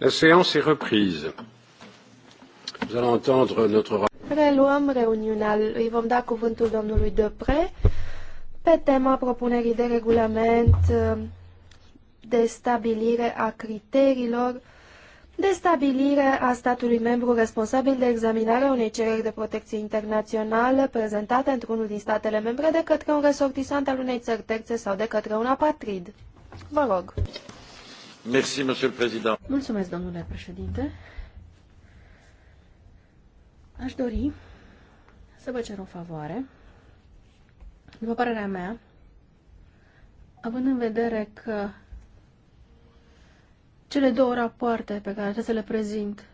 La séance est reprise. Nous allons entendre notre... Reluăm reuniunea. Îi vom da cuvântul domnului Depre pe tema propunerii de regulament uh, de stabilire a criteriilor de stabilire a statului membru responsabil de examinarea unei cereri de protecție internațională prezentate într-unul din statele membre de către un resortisant al unei țări terțe sau de către un apatrid. Vă rog. Mulțumesc, domnule președinte. Aș dori să vă cer o favoare. După părerea mea, având în vedere că cele două rapoarte pe care trebuie să le prezint,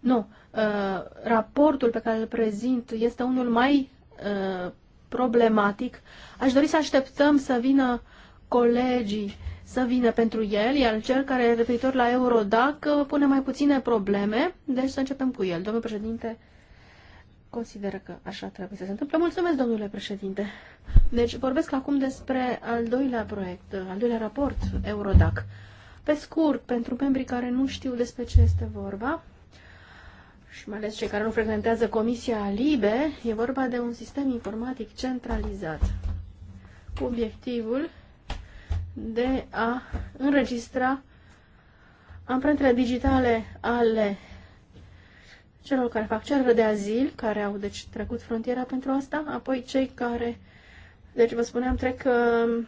nu, uh, raportul pe care îl prezint este unul mai uh, problematic, aș dori să așteptăm să vină colegii să vină pentru el, iar cel care referitor la Eurodac pune mai puține probleme, deci să începem cu el. Domnul președinte, consideră că așa trebuie să se întâmple. Mulțumesc, domnule președinte. Deci vorbesc acum despre al doilea proiect, al doilea raport Eurodac. Pe scurt, pentru membrii care nu știu despre ce este vorba, și mai ales cei care nu frecventează Comisia Libe, e vorba de un sistem informatic centralizat cu obiectivul de a înregistra amprentele digitale ale celor care fac cerere de azil, care au deci trecut frontiera pentru asta, apoi cei care, deci vă spuneam, trec uh,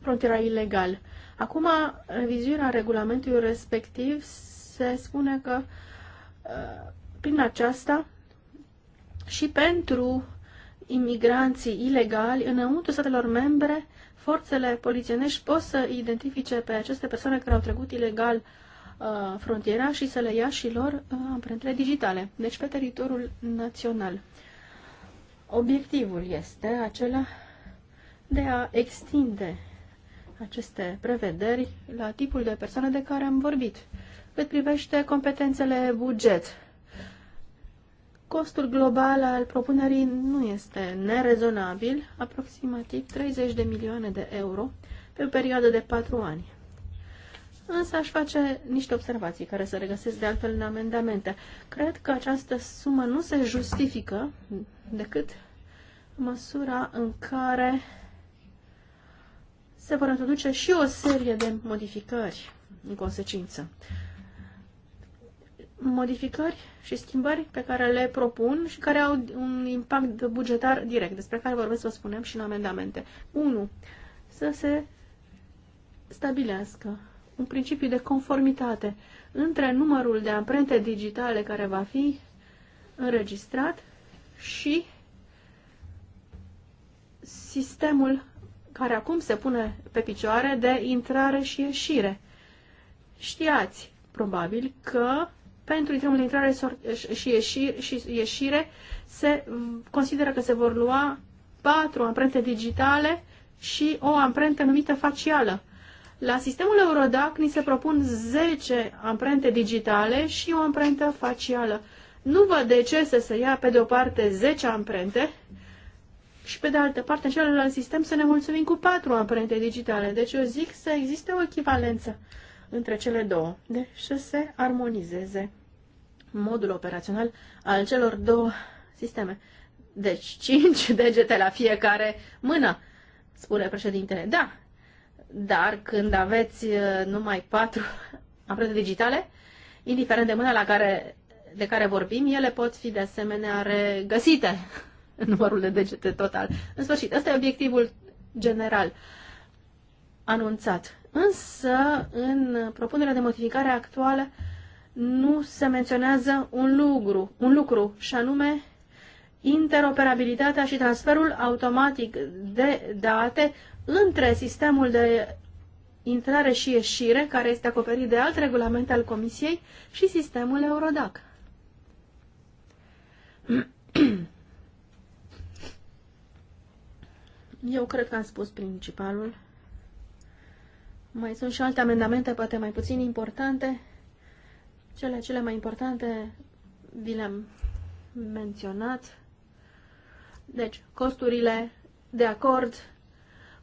frontiera ilegal. Acum, revizuirea regulamentului respectiv se spune că uh, prin aceasta și pentru imigranții ilegali înăuntru statelor membre forțele polițienești pot să identifice pe aceste persoane care au trecut ilegal uh, frontiera și să le ia și lor uh, amprentele digitale, deci pe teritoriul național. Obiectivul este acela de a extinde aceste prevederi la tipul de persoane de care am vorbit. Cât privește competențele buget, Costul global al propunerii nu este nerezonabil, aproximativ 30 de milioane de euro pe o perioadă de 4 ani. Însă aș face niște observații care se regăsesc de altfel în amendamente. Cred că această sumă nu se justifică decât în măsura în care se vor introduce și o serie de modificări în consecință modificări și schimbări pe care le propun și care au un impact bugetar direct, despre care vorbesc, vă spunem, și în amendamente. 1. Să se stabilească un principiu de conformitate între numărul de amprente digitale care va fi înregistrat și sistemul care acum se pune pe picioare de intrare și ieșire. Știați, probabil, că pentru drumul de intrare și ieșire, și ieșire se consideră că se vor lua patru amprente digitale și o amprentă numită facială. La sistemul Eurodac ni se propun 10 amprente digitale și o amprentă facială. Nu văd de ce să se ia pe de o parte 10 amprente și pe de altă parte în celălalt sistem să ne mulțumim cu 4 amprente digitale. Deci eu zic să existe o echivalență între cele două, deci să se armonizeze modul operațional al celor două sisteme. Deci, cinci degete la fiecare mână, spune președintele. Da, dar când aveți uh, numai patru amprente digitale, indiferent de mâna la care, de care vorbim, ele pot fi de asemenea regăsite în numărul de degete total. În sfârșit, ăsta e obiectivul general anunțat. Însă, în propunerea de modificare actuală, nu se menționează un lucru, un lucru și anume interoperabilitatea și transferul automatic de date între sistemul de intrare și ieșire, care este acoperit de alt regulament al Comisiei, și sistemul Eurodac. Eu cred că am spus principalul. Mai sunt și alte amendamente, poate mai puțin importante. Cele cele mai importante vi le-am menționat. Deci, costurile de acord,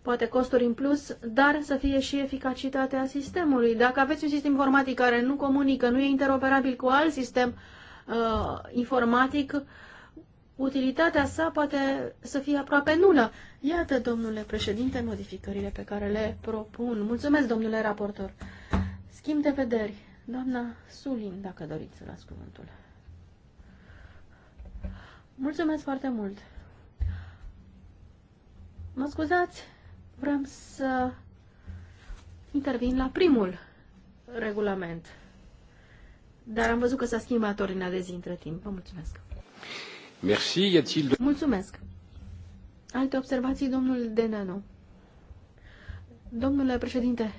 poate costuri în plus, dar să fie și eficacitatea sistemului. Dacă aveți un sistem informatic care nu comunică, nu e interoperabil cu alt sistem uh, informatic, utilitatea sa poate să fie aproape nulă. Iată, domnule președinte, modificările pe care le propun. Mulțumesc, domnule raportor. Schimb de vederi. Doamna Sulin, dacă doriți să las cuvântul. Mulțumesc foarte mult. Mă scuzați, vreau să intervin la primul regulament. Dar am văzut că s-a schimbat ordinea de zi între timp. Vă mulțumesc. Merci. Mulțumesc. Alte observații, domnul Denano. Domnule președinte,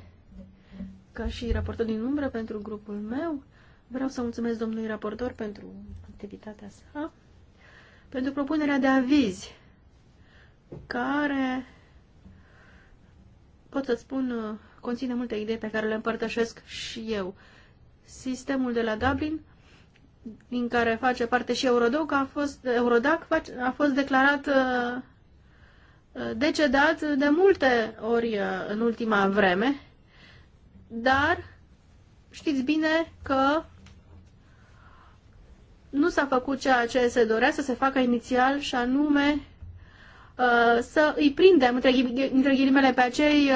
ca și raportor din umbră pentru grupul meu, vreau să mulțumesc domnului raportor pentru activitatea sa, pentru propunerea de avizi, care, pot să spun, conține multe idei pe care le împărtășesc și eu. Sistemul de la Dublin din care face parte și Eurodoc, a fost, Eurodac a fost declarat uh, uh, decedat de multe ori uh, în ultima vreme, dar știți bine că nu s-a făcut ceea ce se dorea să se facă inițial și anume să îi prindem, între, ghilimele, pe acei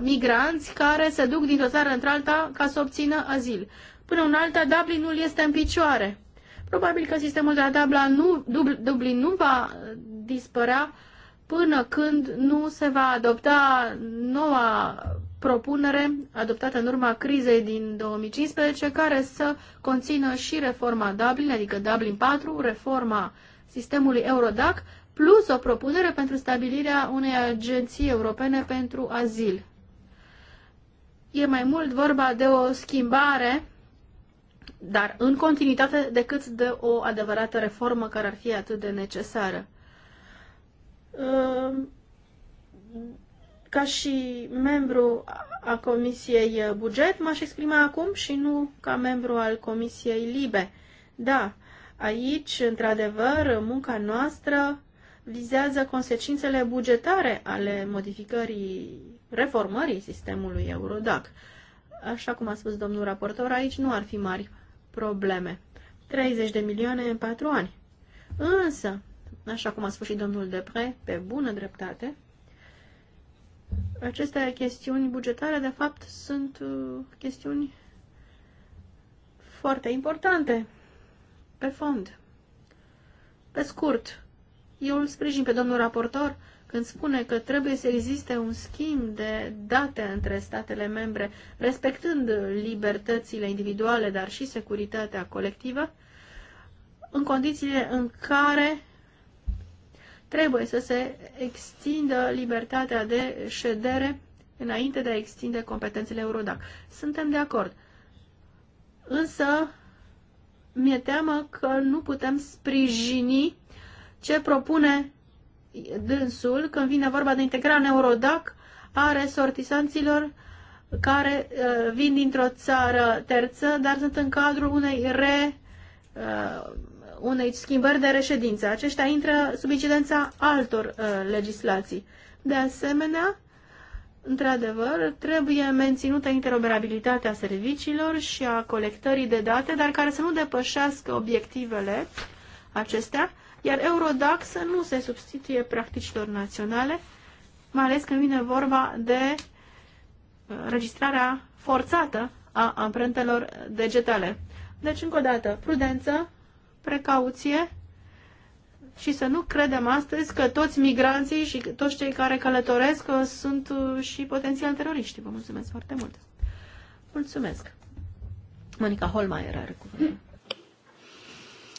migranți care se duc dintr-o țară într-alta ca să obțină azil până un alta Dublinul este în picioare. Probabil că sistemul de la Dublin nu, Dublin nu va dispărea până când nu se va adopta noua propunere adoptată în urma crizei din 2015 care să conțină și reforma Dublin, adică Dublin 4, reforma sistemului Eurodac, plus o propunere pentru stabilirea unei agenții europene pentru azil. E mai mult vorba de o schimbare dar în continuitate decât de o adevărată reformă care ar fi atât de necesară. Ehm, ca și membru a Comisiei Buget, m-aș exprima acum și nu ca membru al Comisiei Libe. Da, aici, într-adevăr, munca noastră vizează consecințele bugetare ale modificării, reformării sistemului Eurodac. Așa cum a spus domnul raportor, aici nu ar fi mari probleme. 30 de milioane în 4 ani. Însă, așa cum a spus și domnul Depre, pe bună dreptate, aceste chestiuni bugetare, de fapt, sunt uh, chestiuni foarte importante, pe fond. Pe scurt, eu îl sprijin pe domnul raportor când spune că trebuie să existe un schimb de date între statele membre, respectând libertățile individuale, dar și securitatea colectivă, în condițiile în care trebuie să se extindă libertatea de ședere înainte de a extinde competențele Eurodac. Suntem de acord. Însă, mi-e teamă că nu putem sprijini ce propune dânsul când vine vorba de integrarea neurodac a resortisanților care uh, vin dintr-o țară terță, dar sunt în cadrul unei re, uh, unei schimbări de reședință. Aceștia intră sub incidența altor uh, legislații. De asemenea, într-adevăr, trebuie menținută interoperabilitatea serviciilor și a colectării de date, dar care să nu depășească obiectivele acestea iar Eurodax nu se substituie practicilor naționale, mai ales când vine vorba de uh, registrarea forțată a amprentelor degetale. Deci, încă o dată, prudență, precauție și să nu credem astăzi că toți migranții și toți cei care călătoresc uh, sunt uh, și potențial teroriști. Vă mulțumesc foarte mult! Mulțumesc! Monica Holmeier are cuvântul.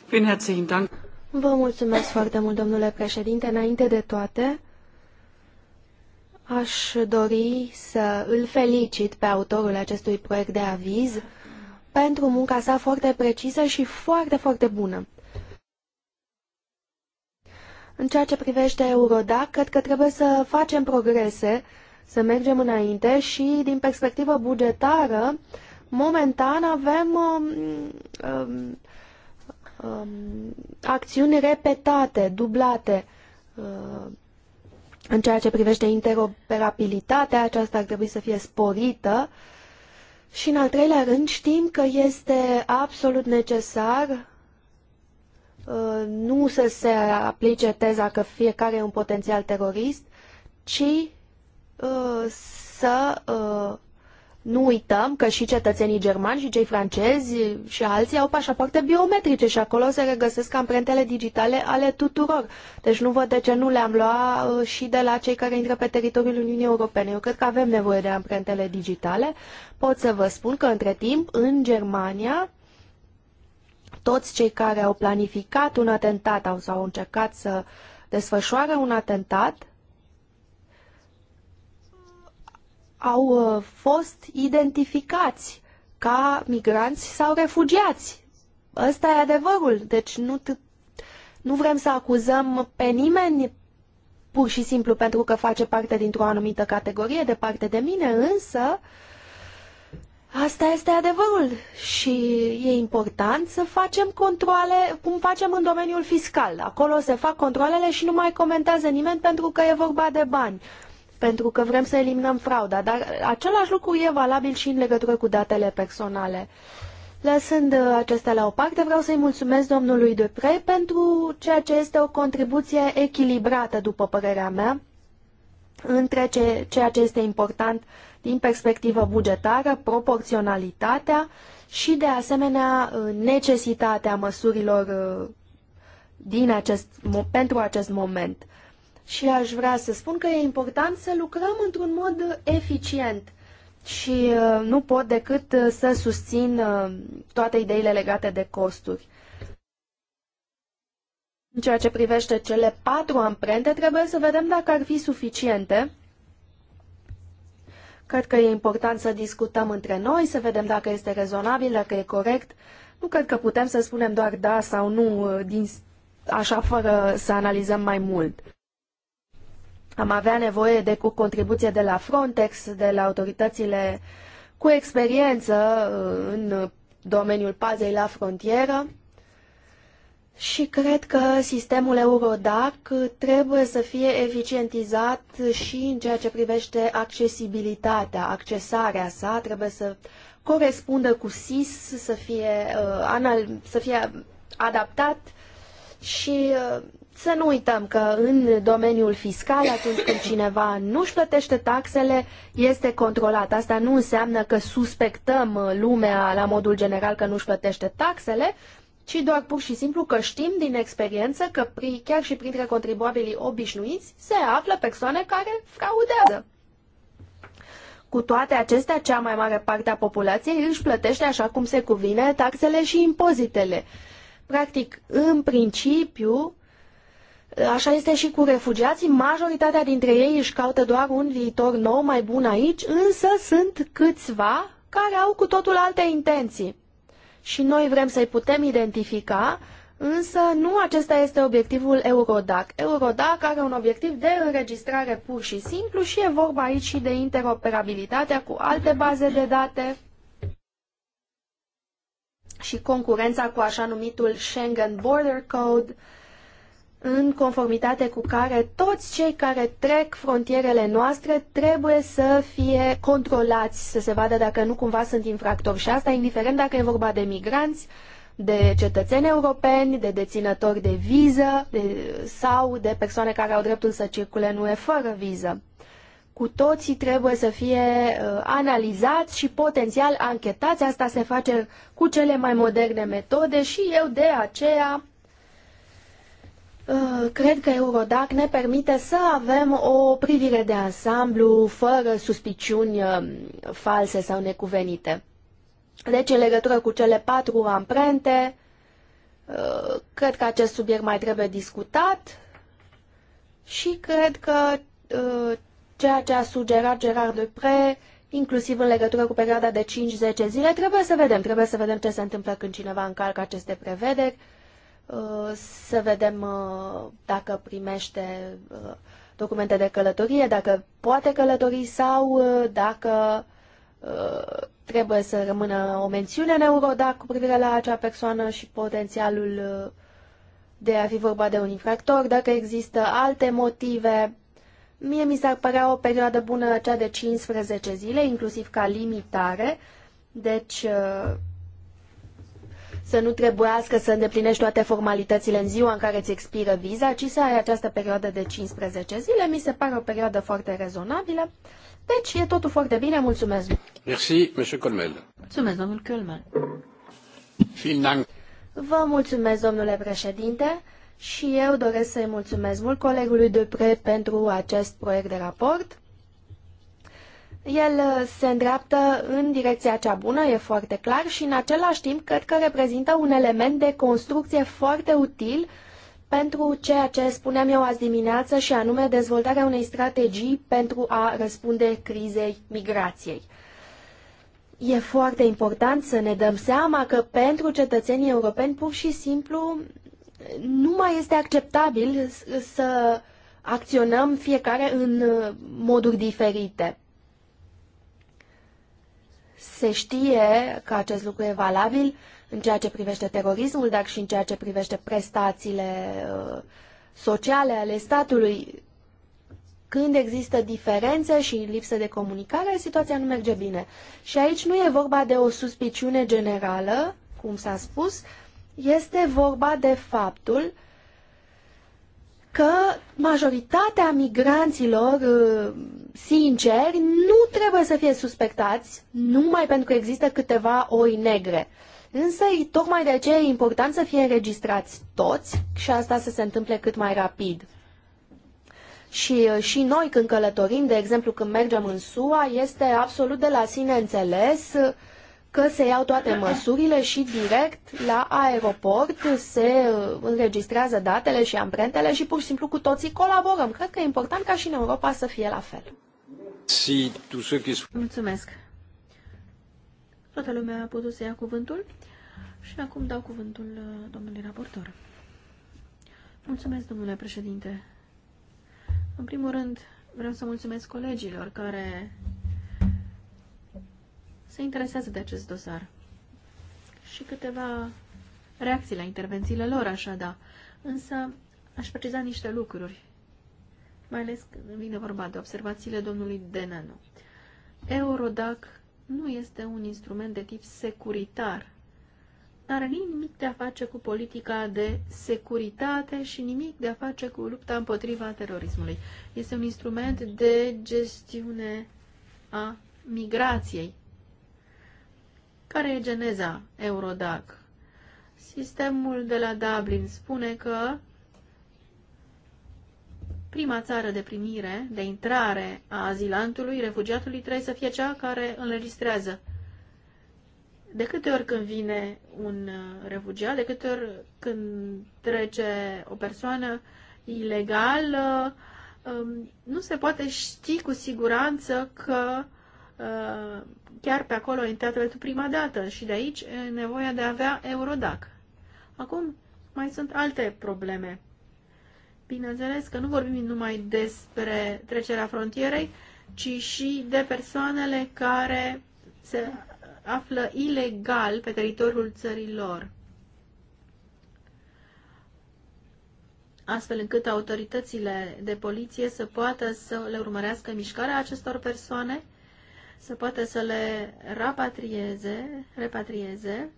Vielen herzlichen Dank. Vă mulțumesc foarte mult, domnule președinte. Înainte de toate, aș dori să îl felicit pe autorul acestui proiect de aviz pentru munca sa foarte precisă și foarte, foarte bună. În ceea ce privește Eurodac, cred că trebuie să facem progrese, să mergem înainte și, din perspectivă bugetară, momentan avem um, um, Um, acțiuni repetate, dublate uh, în ceea ce privește interoperabilitatea, aceasta ar trebui să fie sporită și în al treilea rând știm că este absolut necesar uh, nu să se aplice teza că fiecare e un potențial terorist, ci uh, să uh, nu uităm că și cetățenii germani și cei francezi și alții au pașapoarte biometrice și acolo se regăsesc amprentele digitale ale tuturor. Deci nu văd de ce nu le-am luat uh, și de la cei care intră pe teritoriul Uniunii Europene. Eu cred că avem nevoie de amprentele digitale. Pot să vă spun că între timp în Germania toți cei care au planificat un atentat sau au încercat să desfășoare un atentat au uh, fost identificați ca migranți sau refugiați. Ăsta e adevărul. Deci nu, nu vrem să acuzăm pe nimeni pur și simplu pentru că face parte dintr-o anumită categorie, de parte de mine, însă asta este adevărul și e important să facem controle, cum facem în domeniul fiscal. Acolo se fac controlele și nu mai comentează nimeni pentru că e vorba de bani pentru că vrem să eliminăm frauda, dar același lucru e valabil și în legătură cu datele personale. Lăsând uh, acestea la o parte, vreau să-i mulțumesc domnului Dupre pentru ceea ce este o contribuție echilibrată, după părerea mea, între ce, ceea ce este important din perspectivă bugetară, proporționalitatea și, de asemenea, uh, necesitatea măsurilor uh, din acest, pentru acest moment și aș vrea să spun că e important să lucrăm într-un mod eficient și uh, nu pot decât uh, să susțin uh, toate ideile legate de costuri. În ceea ce privește cele patru amprente, trebuie să vedem dacă ar fi suficiente. Cred că e important să discutăm între noi, să vedem dacă este rezonabil, dacă e corect. Nu cred că putem să spunem doar da sau nu, din, așa fără să analizăm mai mult am avea nevoie de cu contribuție de la Frontex, de la autoritățile cu experiență uh, în domeniul pazei la frontieră și cred că sistemul Eurodac trebuie să fie eficientizat și în ceea ce privește accesibilitatea, accesarea sa, trebuie să corespundă cu SIS, să fie, uh, anal, să fie adaptat și uh, să nu uităm că în domeniul fiscal, atunci când cineva nu-și plătește taxele, este controlat. Asta nu înseamnă că suspectăm lumea la modul general că nu-și plătește taxele, ci doar pur și simplu că știm din experiență că pri, chiar și printre contribuabilii obișnuiți se află persoane care fraudează. Cu toate acestea, cea mai mare parte a populației își plătește așa cum se cuvine taxele și impozitele. Practic, în principiu, Așa este și cu refugiații, majoritatea dintre ei își caută doar un viitor nou mai bun aici, însă sunt câțiva care au cu totul alte intenții. Și noi vrem să-i putem identifica, însă nu acesta este obiectivul Eurodac. Eurodac are un obiectiv de înregistrare pur și simplu și e vorba aici și de interoperabilitatea cu alte baze de date și concurența cu așa numitul Schengen Border Code, în conformitate cu care toți cei care trec frontierele noastre trebuie să fie controlați, să se vadă dacă nu cumva sunt infractori. Și asta indiferent dacă e vorba de migranți, de cetățeni europeni, de deținători de viză de, sau de persoane care au dreptul să circule în UE fără viză. Cu toții trebuie să fie uh, analizați și potențial anchetați. Asta se face cu cele mai moderne metode și eu de aceea Eh, cred că Eurodac ne permite să avem o privire de ansamblu fără suspiciuni eh, false sau necuvenite. Deci, în legătură cu cele patru amprente, eh, cred că acest subiect mai trebuie discutat și cred că ceea ce a sugerat Gerard Depre, inclusiv în legătură cu perioada de 5-10 zile, trebuie să vedem. Trebuie să vedem ce se întâmplă când cineva încalcă aceste prevederi Uh, să vedem uh, dacă primește uh, documente de călătorie, dacă poate călători sau dacă trebuie să rămână o mențiune în Eurodac cu privire la acea persoană și potențialul de a fi vorba de un infractor, dacă există alte motive. Mie mi s-ar părea o perioadă bună cea de 15 zile, inclusiv ca limitare, deci să nu trebuiască să îndeplinești toate formalitățile în ziua în care îți expiră viza, ci să ai această perioadă de 15 zile. Mi se pare o perioadă foarte rezonabilă. Deci e totul foarte bine, mulțumesc. Merci, monsieur Colmel. Mulțumesc, domnul Colmel. Vă mulțumesc, domnule președinte, și eu doresc să-i mulțumesc mult colegului Dupre pentru acest proiect de raport. El uh, se îndreaptă în direcția cea bună, e foarte clar, și în același timp cred că reprezintă un element de construcție foarte util pentru ceea ce spuneam eu azi dimineață și anume dezvoltarea unei strategii pentru a răspunde crizei migrației. E foarte important să ne dăm seama că pentru cetățenii europeni pur și simplu nu mai este acceptabil să acționăm fiecare în uh, moduri diferite se știe că acest lucru e valabil în ceea ce privește terorismul, dar și în ceea ce privește prestațiile uh, sociale ale statului. Când există diferențe și lipsă de comunicare, situația nu merge bine. Și aici nu e vorba de o suspiciune generală, cum s-a spus, este vorba de faptul că majoritatea migranților uh, sinceri, nu trebuie să fie suspectați numai pentru că există câteva oi negre. Însă, tocmai de aceea e important să fie înregistrați toți și asta să se întâmple cât mai rapid. Și, și noi când călătorim, de exemplu când mergem în SUA, este absolut de la sine înțeles că se iau toate măsurile și direct la aeroport se înregistrează datele și amprentele și pur și simplu cu toții colaborăm. Cred că e important ca și în Europa să fie la fel. Mulțumesc. Toată lumea a putut să ia cuvântul și acum dau cuvântul uh, domnului raportor. Mulțumesc, domnule președinte. În primul rând, vreau să mulțumesc colegilor care se interesează de acest dosar și câteva reacții la intervențiile lor, așa da. Însă, aș preciza niște lucruri mai ales când vine vorba de observațiile domnului Denano. Eurodac nu este un instrument de tip securitar. N-are nimic de a face cu politica de securitate și nimic de a face cu lupta împotriva terorismului. Este un instrument de gestiune a migrației. Care e geneza Eurodac? Sistemul de la Dublin spune că prima țară de primire, de intrare a azilantului, refugiatului, trebuie să fie cea care înregistrează. De câte ori când vine un uh, refugiat, de câte ori când trece o persoană ilegal, um, nu se poate ști cu siguranță că uh, chiar pe acolo a intrat pentru prima dată și de aici nevoia de a avea Eurodac. Acum mai sunt alte probleme Bineînțeles că nu vorbim numai despre trecerea frontierei, ci și de persoanele care se află ilegal pe teritoriul țărilor. astfel încât autoritățile de poliție să poată să le urmărească mișcarea acestor persoane, să poată să le repatrieze, repatrieze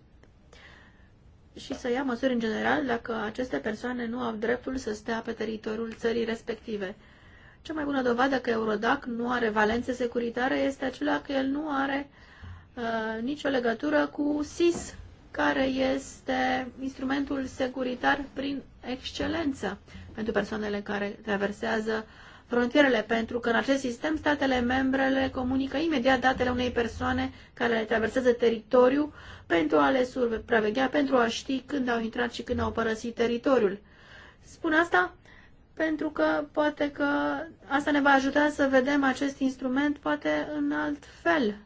și să ia măsuri în general dacă aceste persoane nu au dreptul să stea pe teritoriul țării respective. Cea mai bună dovadă că Eurodac nu are valențe securitare este acela că el nu are uh, nicio legătură cu SIS, care este instrumentul securitar prin excelență pentru persoanele care traversează uh, frontierele, pentru că în acest sistem statele membre le comunică imediat datele unei persoane care traversează teritoriul pentru a le supraveghea, pentru a ști când au intrat și când au părăsit teritoriul. Spun asta pentru că poate că asta ne va ajuta să vedem acest instrument poate în alt fel.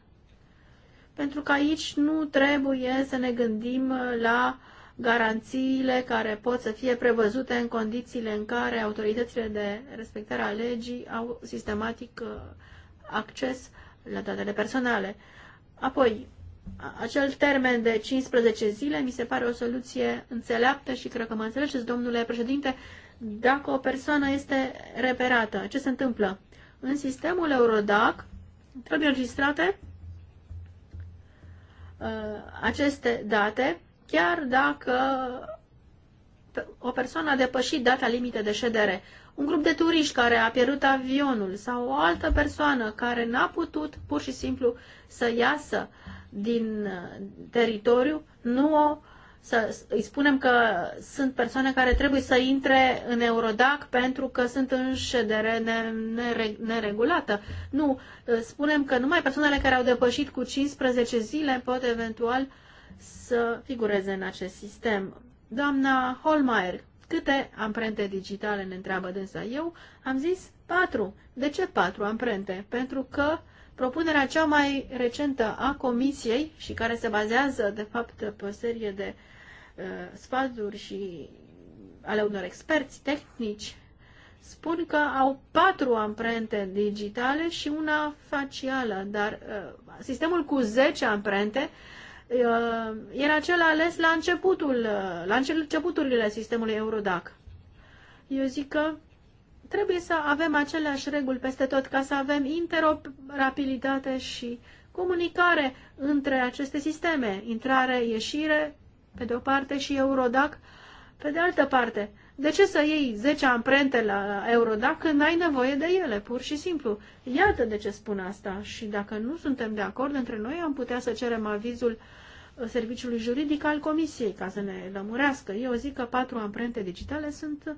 Pentru că aici nu trebuie să ne gândim la uh, garanțiile care pot să fie prevăzute în condițiile în care autoritățile de respectare a legii au sistematic uh, acces la datele personale. Apoi, acel termen de 15 zile mi se pare o soluție înțeleaptă și cred că mă înțelegeți, domnule președinte, dacă o persoană este reperată, ce se întâmplă? În sistemul Eurodac trebuie înregistrate uh, aceste date chiar dacă o persoană a depășit data limite de ședere, un grup de turiști care a pierdut avionul sau o altă persoană care n-a putut pur și simplu să iasă din teritoriu, nu o, să îi spunem că sunt persoane care trebuie să intre în Eurodac pentru că sunt în ședere neregulată. Nu, spunem că numai persoanele care au depășit cu 15 zile pot eventual uh, să figureze în acest sistem. Doamna Holmeier, câte amprente digitale ne întreabă dânsa? Eu am zis patru. De ce patru amprente? Pentru că propunerea cea mai recentă a Comisiei și care se bazează, de fapt, pe o serie de uh, sfaturi și ale unor experți tehnici spun că au patru amprente digitale și una facială, dar uh, sistemul cu 10 amprente Uh, era cel ales la, începutul, uh, la începuturile sistemului Eurodac. Eu zic că trebuie să avem aceleași reguli peste tot ca să avem interoperabilitate și comunicare între aceste sisteme, intrare, ieșire, pe de o parte, și Eurodac, pe de altă parte. De ce să iei 10 amprente la Eurodac când ai nevoie de ele, pur și simplu? Iată de ce spun asta și dacă nu suntem de acord între noi, am putea să cerem avizul uh, serviciului juridic al Comisiei ca să ne lămurească. Eu zic că patru amprente digitale sunt uh,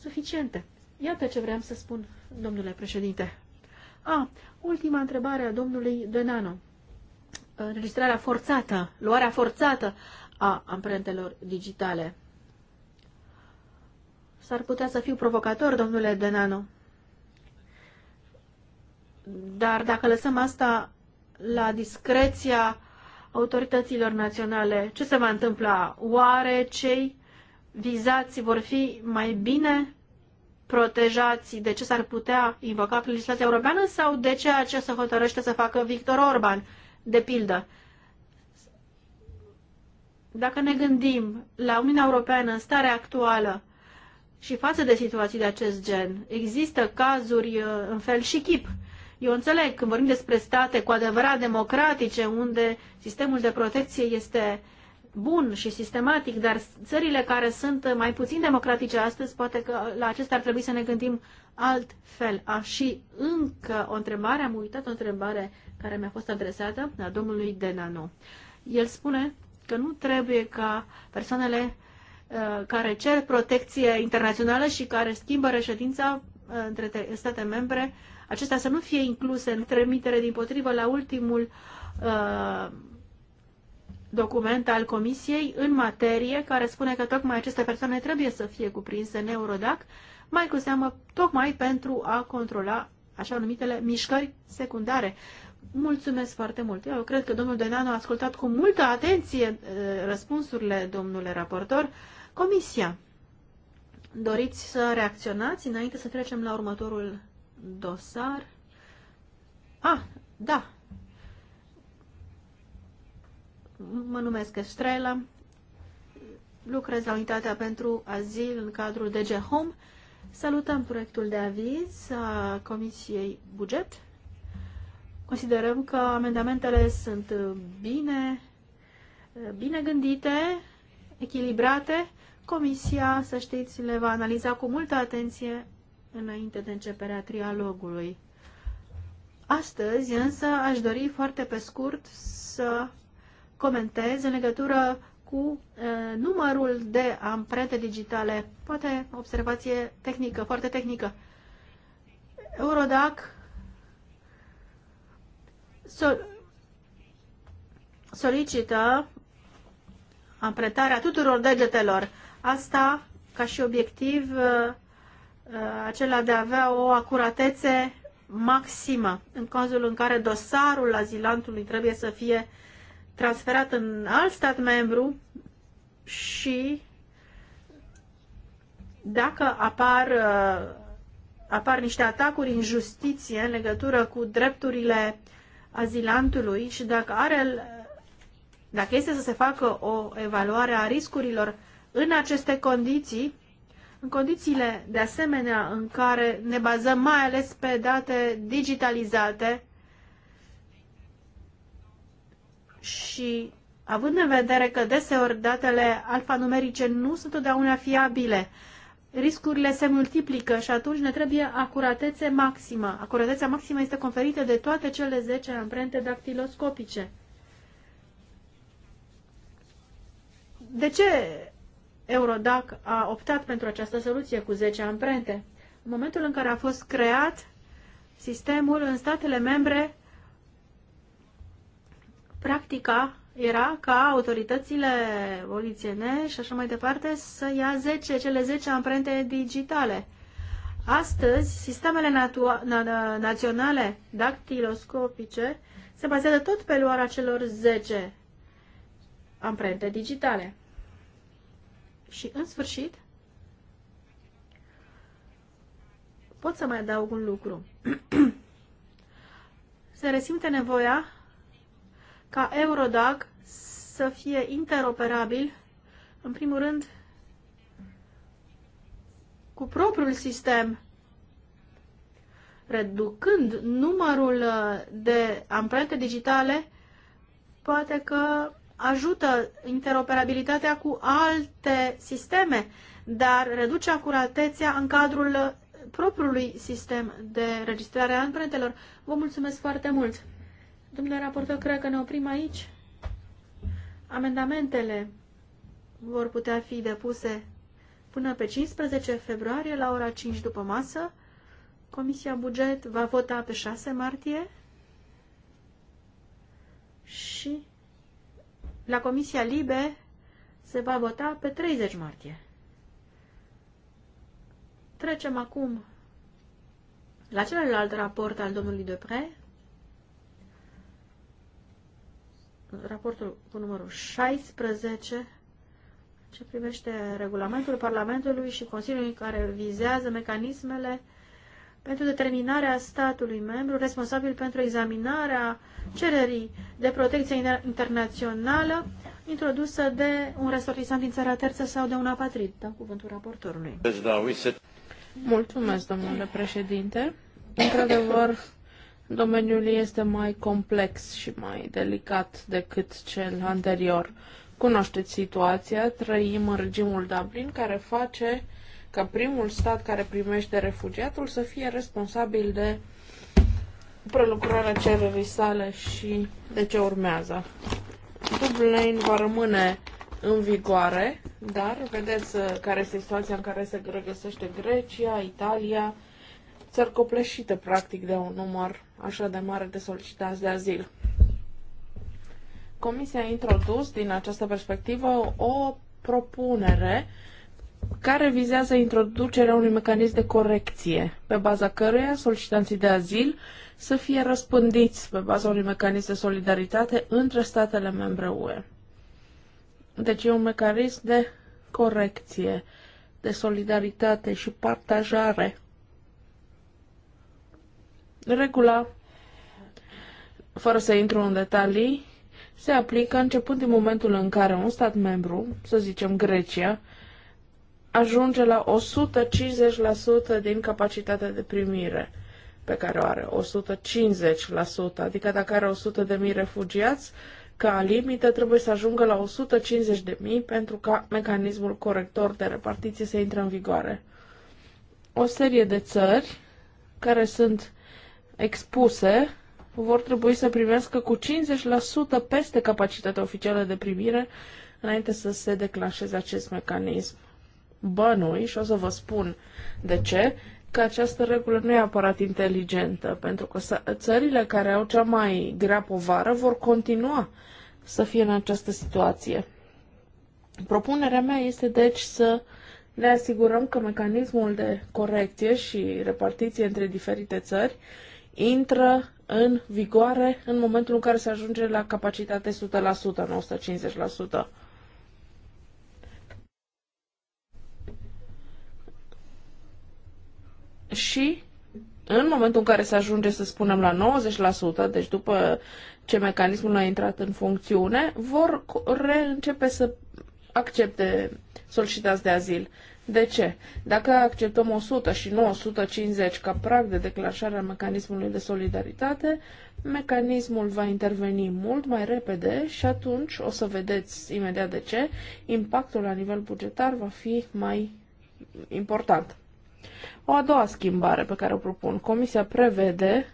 suficiente. Iată ce vreau să spun, domnule președinte. A, ultima întrebare a domnului Denano. Înregistrarea forțată, luarea forțată a amprentelor digitale. S-ar putea să fiu provocator, domnule Denano. Dar dacă lăsăm asta la discreția autorităților naționale, ce se va întâmpla? Oare cei vizați vor fi mai bine protejați de ce s-ar putea invoca prin legislația europeană sau de ceea ce se hotărăște să facă Victor Orban, de pildă? Dacă ne gândim la Uniunea Europeană în stare actuală, și față de situații de acest gen. Există cazuri uh, în fel și chip. Eu înțeleg, când vorbim despre state cu adevărat democratice, unde sistemul de protecție este bun și sistematic, dar țările care sunt mai puțin democratice astăzi, poate că la acestea ar trebui să ne gândim altfel. A, și încă o întrebare, am uitat o întrebare care mi-a fost adresată la domnului Denano. El spune că nu trebuie ca persoanele Uh, care cer protecție internațională și care schimbă reședința uh, între state membre, acestea să nu fie incluse în trimitere din potrivă la ultimul uh, document al Comisiei în materie care spune că tocmai aceste persoane trebuie să fie cuprinse în Eurodac, mai cu seamă tocmai pentru a controla așa numitele mișcări secundare. Mulțumesc foarte mult. Eu cred că domnul Denano a ascultat cu multă atenție uh, răspunsurile, domnule raportor. Comisia, doriți să reacționați înainte să trecem la următorul dosar? Ah, da. Mă numesc Estrela, lucrez la unitatea pentru azil în cadrul DG Home. Salutăm proiectul de aviz a Comisiei Buget. Considerăm că amendamentele sunt bine, bine gândite, echilibrate Comisia, să știți, le va analiza cu multă atenție înainte de începerea trialogului. Astăzi, însă, aș dori foarte pe scurt să comentez în legătură cu uh, numărul de amprente digitale. Poate observație tehnică, foarte tehnică. Eurodac sol solicită amprentarea tuturor degetelor Asta ca și obiectiv uh, uh, acela de a avea o acuratețe maximă în cazul în care dosarul azilantului trebuie să fie transferat în alt stat membru și dacă apar, uh, apar niște atacuri în justiție în legătură cu drepturile azilantului și dacă are dacă este să se facă o evaluare a riscurilor în aceste condiții, în condițiile de asemenea în care ne bazăm mai ales pe date digitalizate și având în vedere că deseori datele alfanumerice nu sunt totdeauna fiabile, riscurile se multiplică și atunci ne trebuie acuratețe maximă. Acuratețea maximă este conferită de toate cele 10 amprente dactiloscopice. De ce Eurodac a optat pentru această soluție cu 10 amprente. În momentul în care a fost creat sistemul în statele membre, practica era ca autoritățile polițiene și așa mai departe să ia 10, cele 10 amprente digitale. Astăzi, sistemele na naționale dactiloscopice se bazează tot pe luarea celor 10 amprente digitale. Și, în sfârșit, pot să mai adaug un lucru. Se resimte nevoia ca Eurodac să fie interoperabil, în primul rând, cu propriul sistem, reducând numărul uh, de amprente digitale, poate că ajută interoperabilitatea cu alte sisteme, dar reduce acuratețea în cadrul propriului sistem de registrare a amprentelor. Vă mulțumesc foarte mult! Domnule raportor, cred că ne oprim aici. Amendamentele vor putea fi depuse până pe 15 februarie la ora 5 după masă. Comisia Buget va vota pe 6 martie și la Comisia Libe se va vota pe 30 martie. Trecem acum la celălalt raport al domnului Depre, raportul cu numărul 16, ce privește regulamentul Parlamentului și Consiliului care vizează mecanismele pentru determinarea statului membru responsabil pentru examinarea cererii de protecție internațională introdusă de un resortisant din țara terță sau de un apatrid, dăm cuvântul raportorului. Mulțumesc, domnule președinte. Într-adevăr, domeniul este mai complex și mai delicat decât cel anterior. Cunoașteți situația, trăim în regimul Dublin, care face ca primul stat care primește refugiatul să fie responsabil de prelucrarea cererii sale și de ce urmează. Dublin va rămâne în vigoare, dar vedeți uh, care este situația în care se regăsește Grecia, Italia, țări copleșite practic de un număr așa de mare de solicitați de azil. Comisia a introdus din această perspectivă o propunere care vizează introducerea unui mecanism de corecție, pe baza căruia solicitanții de azil să fie răspândiți pe baza unui mecanism de solidaritate între statele membre UE. Deci e un mecanism de corecție, de solidaritate și partajare. Regula, fără să intru în detalii, se aplică începând din momentul în care un stat membru, să zicem Grecia, ajunge la 150% din capacitatea de primire pe care o are, 150%, adică dacă are 100 de mii refugiați, ca limită trebuie să ajungă la 150 de mii pentru ca mecanismul corector de repartiție să intre în vigoare. O serie de țări care sunt expuse vor trebui să primească cu 50% peste capacitatea oficială de primire înainte să se declanșeze acest mecanism bănui, și o să vă spun de ce, că această regulă nu e aparat inteligentă, pentru că țările care au cea mai grea povară vor continua să fie în această situație. Propunerea mea este deci să ne asigurăm că mecanismul de corecție și repartiție între diferite țări intră în vigoare în momentul în care se ajunge la capacitate 100%, 150%. și în momentul în care se ajunge, să spunem, la 90%, deci după ce mecanismul a intrat în funcțiune, vor reîncepe să accepte solicitați de azil. De ce? Dacă acceptăm 100 și 950 ca prag de declanșare a mecanismului de solidaritate, mecanismul va interveni mult mai repede și atunci, o să vedeți imediat de ce, impactul la nivel bugetar va fi mai important. O a doua schimbare pe care o propun, Comisia prevede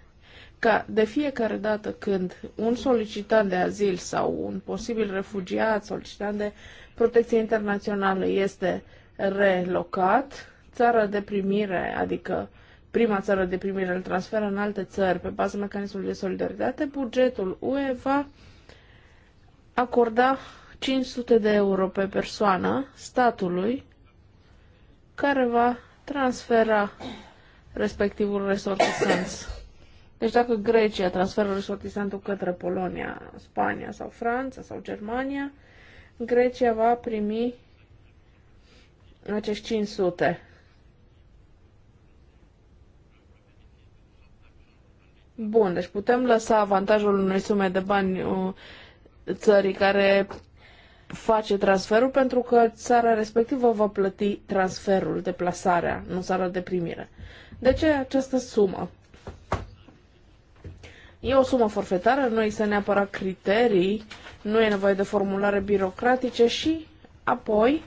ca de fiecare dată când un solicitant de azil sau un posibil refugiat, solicitant de protecție internațională este relocat, țara de primire, adică prima țară de primire îl transferă în alte țări pe baza mecanismului de solidaritate, bugetul UE va acorda 500 de euro pe persoană statului care va transfera respectivul resortisans. Deci dacă Grecia transferă resortisantul către Polonia, Spania sau Franța sau Germania, Grecia va primi acești 500. Bun, deci putem lăsa avantajul unei sume de bani uh, țării care face transferul pentru că țara respectivă va plăti transferul, deplasarea, nu țara de primire. De ce această sumă? E o sumă forfetară, nu este neapărat criterii, nu e nevoie de formulare birocratice și apoi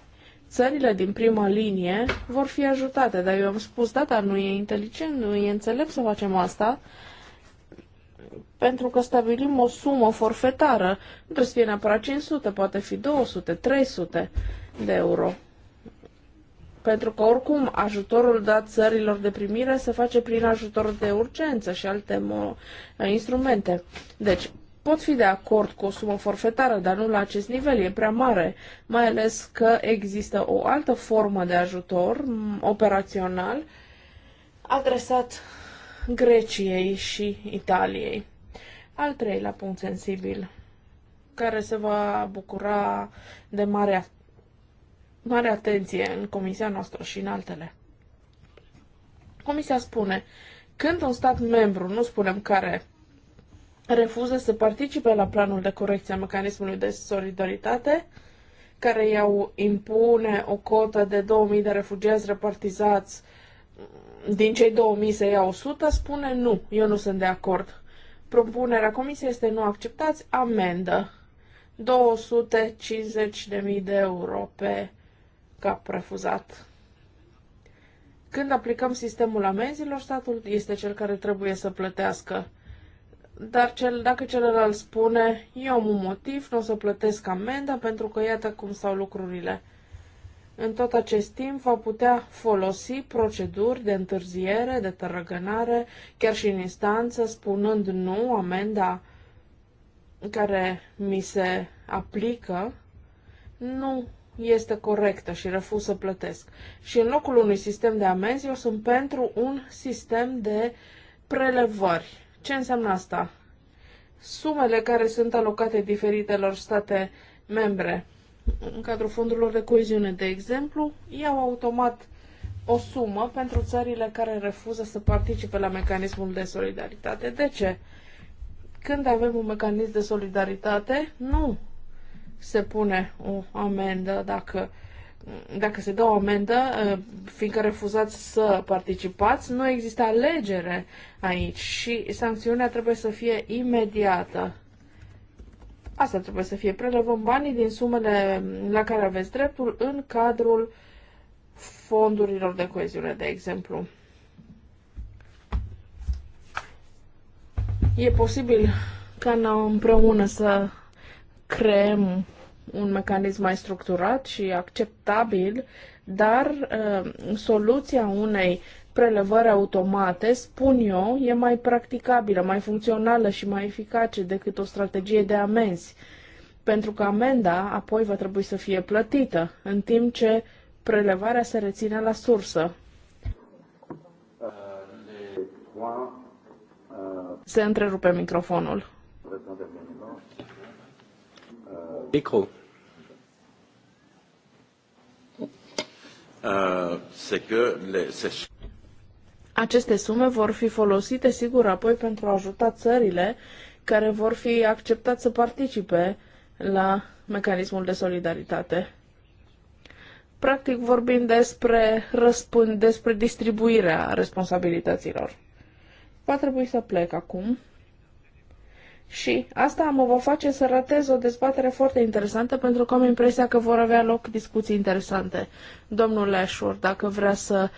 țările din prima linie vor fi ajutate. Dar eu am spus, da, dar nu e inteligent, nu e înțelept să facem asta, pentru că stabilim o sumă forfetară. Nu trebuie să fie neapărat 500, poate fi 200, 300 de euro. Pentru că oricum ajutorul dat țărilor de primire se face prin ajutor de urgență și alte eh, instrumente. Deci, pot fi de acord cu o sumă forfetară, dar nu la acest nivel, e prea mare, mai ales că există o altă formă de ajutor operațional adresat Greciei și Italiei. Al treilea punct sensibil, care se va bucura de mare, mare atenție în comisia noastră și în altele. Comisia spune, când un stat membru, nu spunem care, refuză să participe la planul de corecție a mecanismului de solidaritate, care i-au impune o cotă de 2000 de refugiați repartizați din cei 2000 se ia 100, spune nu, eu nu sunt de acord. Propunerea comisiei este nu acceptați, amendă. 250.000 de euro pe cap refuzat. Când aplicăm sistemul amenzilor, statul este cel care trebuie să plătească. Dar cel, dacă celălalt spune, eu am un motiv, nu o să plătesc amenda pentru că iată cum stau lucrurile în tot acest timp va putea folosi proceduri de întârziere, de tărăgânare, chiar și în instanță, spunând nu amenda care mi se aplică, nu este corectă și refuz să plătesc. Și în locul unui sistem de amenzi, eu sunt pentru un sistem de prelevări. Ce înseamnă asta? Sumele care sunt alocate diferitelor state membre în cadrul fondurilor de coeziune, de exemplu, iau automat o sumă pentru țările care refuză să participe la mecanismul de solidaritate. De ce? Când avem un mecanism de solidaritate, nu se pune o amendă dacă dacă se dă o amendă, eh, fiindcă refuzați să participați, nu există alegere aici și sancțiunea trebuie să fie imediată. Asta trebuie să fie. Prelevăm banii din sumele la care aveți dreptul în cadrul fondurilor de coeziune, de exemplu. E posibil ca împreună să creăm un mecanism mai structurat și acceptabil, dar uh, soluția unei prelevări automate, spun eu, e mai practicabilă, mai funcțională și mai eficace decât o strategie de amenzi, pentru că amenda apoi va trebui să fie plătită, în timp ce prelevarea se reține la sursă. Se întrerupe microfonul. Micro. Uh, c'est que les, aceste sume vor fi folosite, sigur, apoi pentru a ajuta țările care vor fi acceptat să participe la mecanismul de solidaritate. Practic vorbim despre, răspund, despre distribuirea responsabilităților. Va trebui să plec acum. Și asta mă va face să ratez o dezbatere foarte interesantă, pentru că am impresia că vor avea loc discuții interesante. Domnul Ashworth, dacă vrea să uh,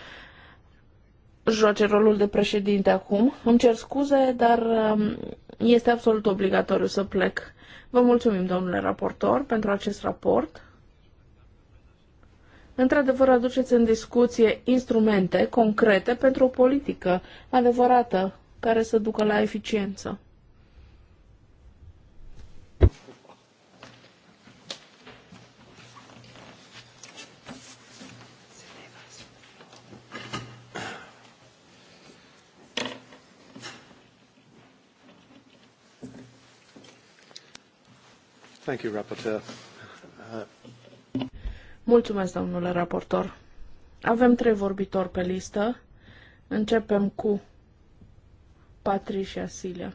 joace rolul de președinte acum. Îmi cer scuze, dar um, este absolut obligatoriu să plec. Vă mulțumim, domnule raportor, pentru acest raport. Într-adevăr, aduceți în discuție instrumente concrete pentru o politică adevărată care să ducă la eficiență. Thank you, Rapporteur. Mulțumesc, domnule raportor. Avem trei vorbitori pe listă. Începem cu Patricia Silea.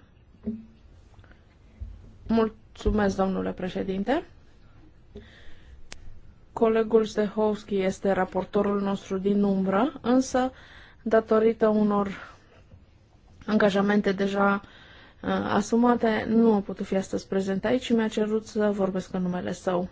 Mulțumesc, domnule președinte. Colegul Stehovski este raportorul nostru din umbră, însă, datorită unor angajamente deja Uh, asumate, nu a putut fi astăzi prezent aici și mi-a cerut să vorbesc în numele său.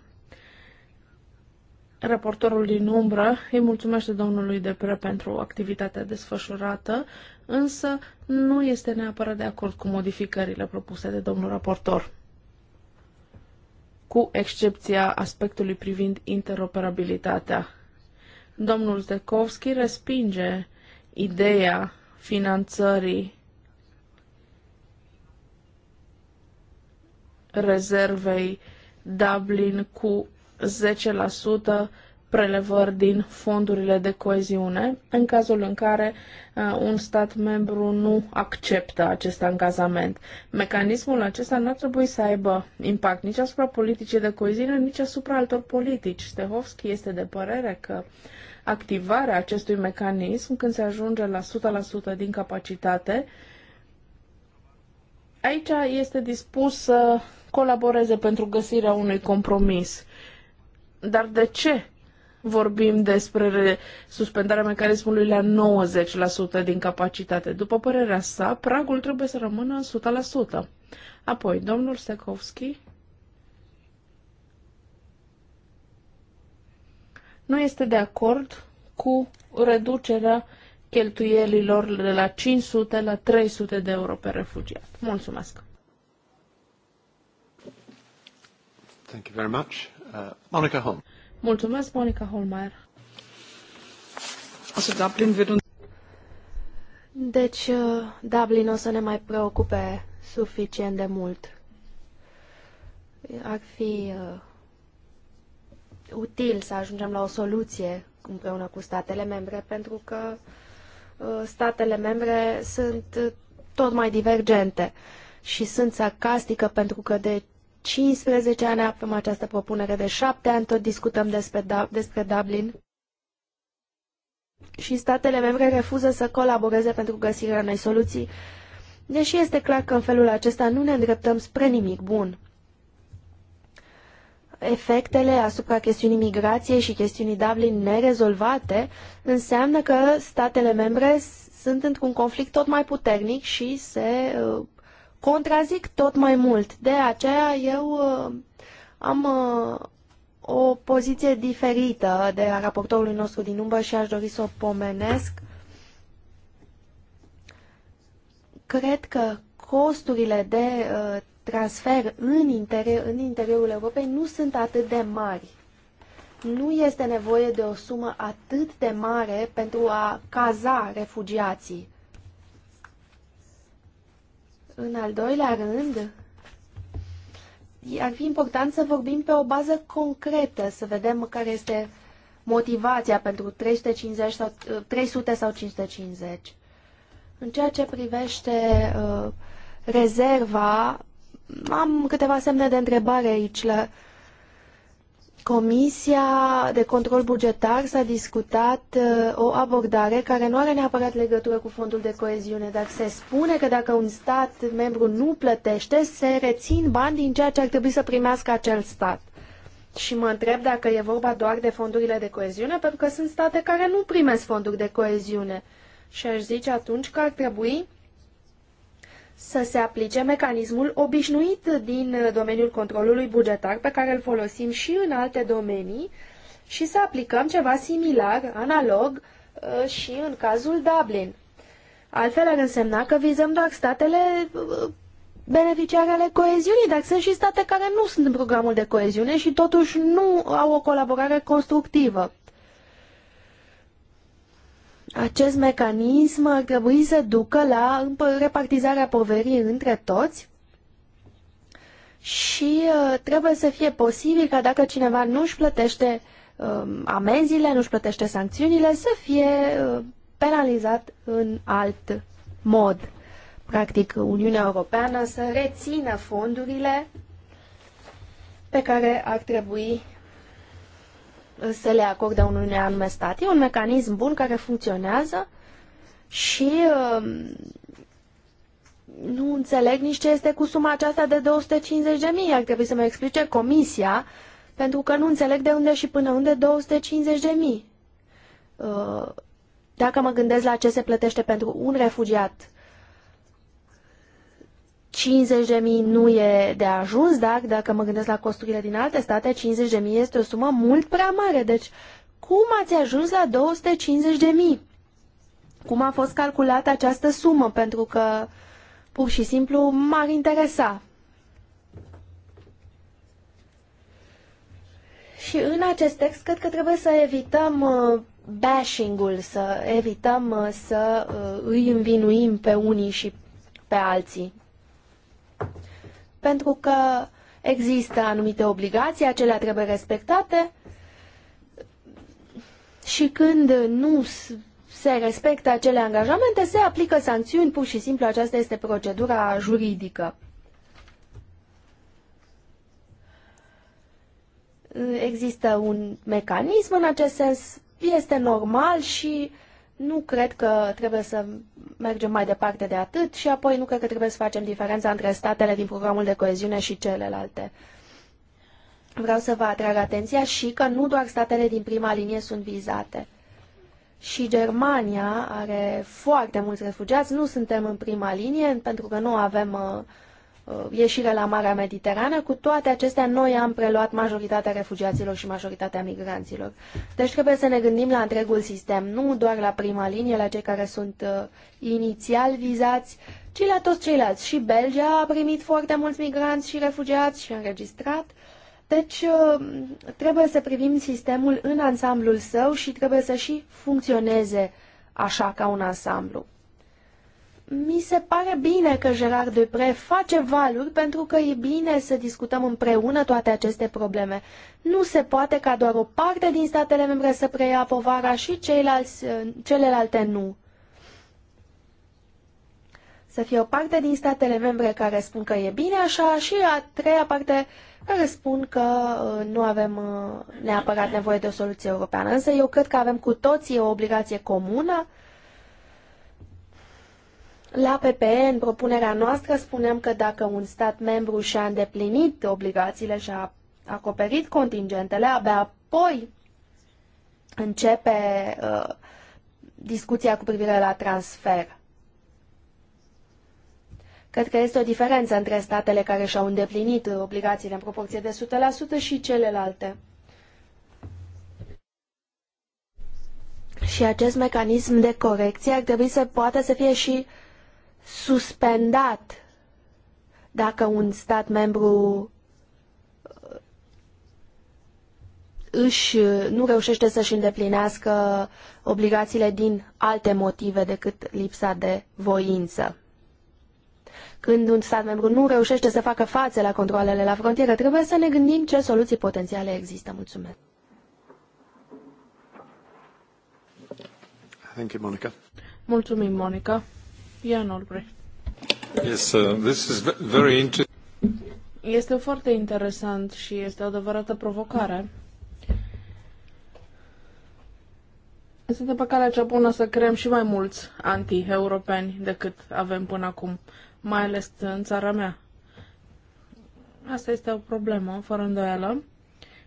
Raportorul din umbră îi mulțumește domnului Depre pentru activitatea desfășurată, însă nu este neapărat de acord cu modificările propuse de domnul raportor, cu excepția aspectului privind interoperabilitatea. Domnul Zdekovski respinge ideea finanțării rezervei Dublin cu 10% prelevări din fondurile de coeziune, în cazul în care uh, un stat membru nu acceptă acest angajament. Mecanismul acesta nu ar trebui să aibă impact nici asupra politicii de coeziune, nici asupra altor politici. Stehovski este de părere că activarea acestui mecanism, când se ajunge la 100% din capacitate, aici este dispus să colaboreze pentru găsirea unui compromis. Dar de ce vorbim despre suspendarea mecanismului la 90% din capacitate? După părerea sa, pragul trebuie să rămână 100%. Apoi, domnul Stekovski nu este de acord cu reducerea cheltuielilor de la 500 la 300 de euro pe refugiat. Mulțumesc! Thank you very much. Uh, Monica Holm. Mulțumesc, Monica Holmeier. Also Dublin wird uns deci, uh, Dublin o să ne mai preocupe suficient de mult. Ar fi uh, util să ajungem la o soluție împreună cu statele membre, pentru că uh, statele membre sunt tot mai divergente și sunt sarcastică pentru că de 15 ani avem această propunere de 7 ani, tot discutăm despre, da- despre Dublin. Și statele membre refuză să colaboreze pentru găsirea unei soluții, deși este clar că în felul acesta nu ne îndreptăm spre nimic bun. Efectele asupra chestiunii migrației și chestiunii Dublin nerezolvate înseamnă că statele membre sunt într-un conflict tot mai puternic și se uh, contrazic tot mai mult. De aceea eu uh, am uh, o poziție diferită de a raportorului nostru din umbră și aș dori să o pomenesc. Cred că costurile de uh, transfer în, interi în interiorul Europei nu sunt atât de mari. Nu este nevoie de o sumă atât de mare pentru a caza refugiații. În al doilea rând, ar fi important să vorbim pe o bază concretă, să vedem care este motivația pentru 350 sau, 300 sau 550. În ceea ce privește uh, rezerva, am câteva semne de întrebare aici la Comisia de control bugetar s-a discutat uh, o abordare care nu are neapărat legătură cu fondul de coeziune, dar se spune că dacă un stat membru nu plătește, se rețin bani din ceea ce ar trebui să primească acel stat. Și mă întreb dacă e vorba doar de fondurile de coeziune, pentru că sunt state care nu primesc fonduri de coeziune. Și aș zice atunci că ar trebui să se aplice mecanismul obișnuit din domeniul controlului bugetar pe care îl folosim și în alte domenii și să aplicăm ceva similar, analog, uh, și în cazul Dublin. Altfel ar însemna că vizăm doar statele uh, beneficiare ale coeziunii, dar sunt și state care nu sunt în programul de coeziune și totuși nu au o colaborare constructivă. Acest mecanism ar trebui să ducă la repartizarea poverii între toți și uh, trebuie să fie posibil ca dacă cineva nu își plătește um, amenziile, nu își plătește sancțiunile, să fie uh, penalizat în alt mod. Practic, Uniunea Europeană să rețină fondurile pe care ar trebui să le acordă unui anume stat. E un mecanism bun care funcționează și um, nu înțeleg nici ce este cu suma aceasta de 250.000. Ar trebui să mă explice comisia, pentru că nu înțeleg de unde și până unde 250.000. Uh, dacă mă gândesc la ce se plătește pentru un refugiat 50.000 nu e de ajuns, dar dacă mă gândesc la costurile din alte state, 50.000 este o sumă mult prea mare. Deci, cum ați ajuns la 250.000? Cum a fost calculată această sumă? Pentru că, pur și simplu, m-ar interesa. Și în acest text, cred că trebuie să evităm uh, bashing-ul, să evităm uh, să uh, îi învinuim pe unii și pe alții pentru că există anumite obligații, acelea trebuie respectate și când nu se respectă acele angajamente, se aplică sancțiuni, pur și simplu aceasta este procedura juridică. Există un mecanism în acest sens, este normal și uh, nu cred că trebuie să mergem mai departe de atât și apoi nu cred că trebuie să facem diferența între statele din programul de coeziune și celelalte. Vreau să vă atrag atenția și că nu doar statele din prima linie sunt vizate. Și Germania are foarte mulți refugiați, nu suntem în prima linie pentru că nu avem uh, Uh, ieșire la Marea Mediterană. Cu toate acestea, noi am preluat majoritatea refugiaților și majoritatea migranților. Deci trebuie să ne gândim la întregul sistem, nu doar la prima linie, la cei care sunt uh, inițial vizați, ci la toți ceilalți. Și Belgia a primit foarte mulți migranți și refugiați și înregistrat. Deci uh, trebuie să privim sistemul în ansamblul său și trebuie să și funcționeze așa ca un ansamblu. Mi se pare bine că Gerard Depre face valuri pentru că e bine să discutăm împreună toate aceste probleme. Nu se poate ca doar o parte din statele membre să preia povara și ceilalți, uh, celelalte nu. Să fie o parte din statele membre care spun că e bine așa și a treia parte care spun că uh, nu avem uh, neapărat nevoie de o soluție europeană. Însă eu cred că avem cu toții o obligație comună la PPE, în propunerea noastră, spuneam că dacă un stat membru și-a îndeplinit obligațiile și a acoperit contingentele, abia apoi începe uh, discuția cu privire la transfer. Cred că este o diferență între statele care și-au îndeplinit obligațiile în proporție de 100% și celelalte. Și acest mecanism de corecție ar trebui să poată să fie și uh, suspendat dacă un stat membru uh, își uh, nu reușește să-și îndeplinească obligațiile din alte motive decât lipsa de voință. Când un stat membru nu reușește să facă față la controlele la frontieră, trebuie să ne gândim ce soluții potențiale există. Mulțumesc. Thank you, Monica. Mulțumim, Monica. Olbrecht. Yes, uh, this is very Este foarte interesant și este o adevărată provocare. Suntem pe calea cea bună să creăm și mai mulți anti-europeni decât avem până acum, mai ales în țara mea. Asta este o problemă, fără îndoială,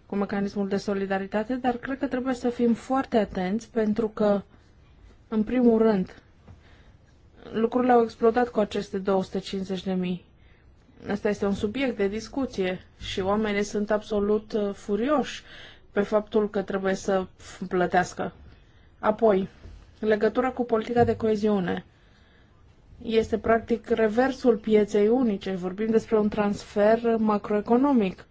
cu mecanismul de solidaritate, dar cred că trebuie să fim foarte atenți pentru că, în primul rând, lucrurile au explodat cu aceste 250 de mii. Asta este un subiect de discuție și oamenii sunt absolut uh, furioși pe faptul că trebuie să plătească. Apoi, legătura cu politica de coeziune. Este practic reversul pieței unice. Vorbim despre un transfer macroeconomic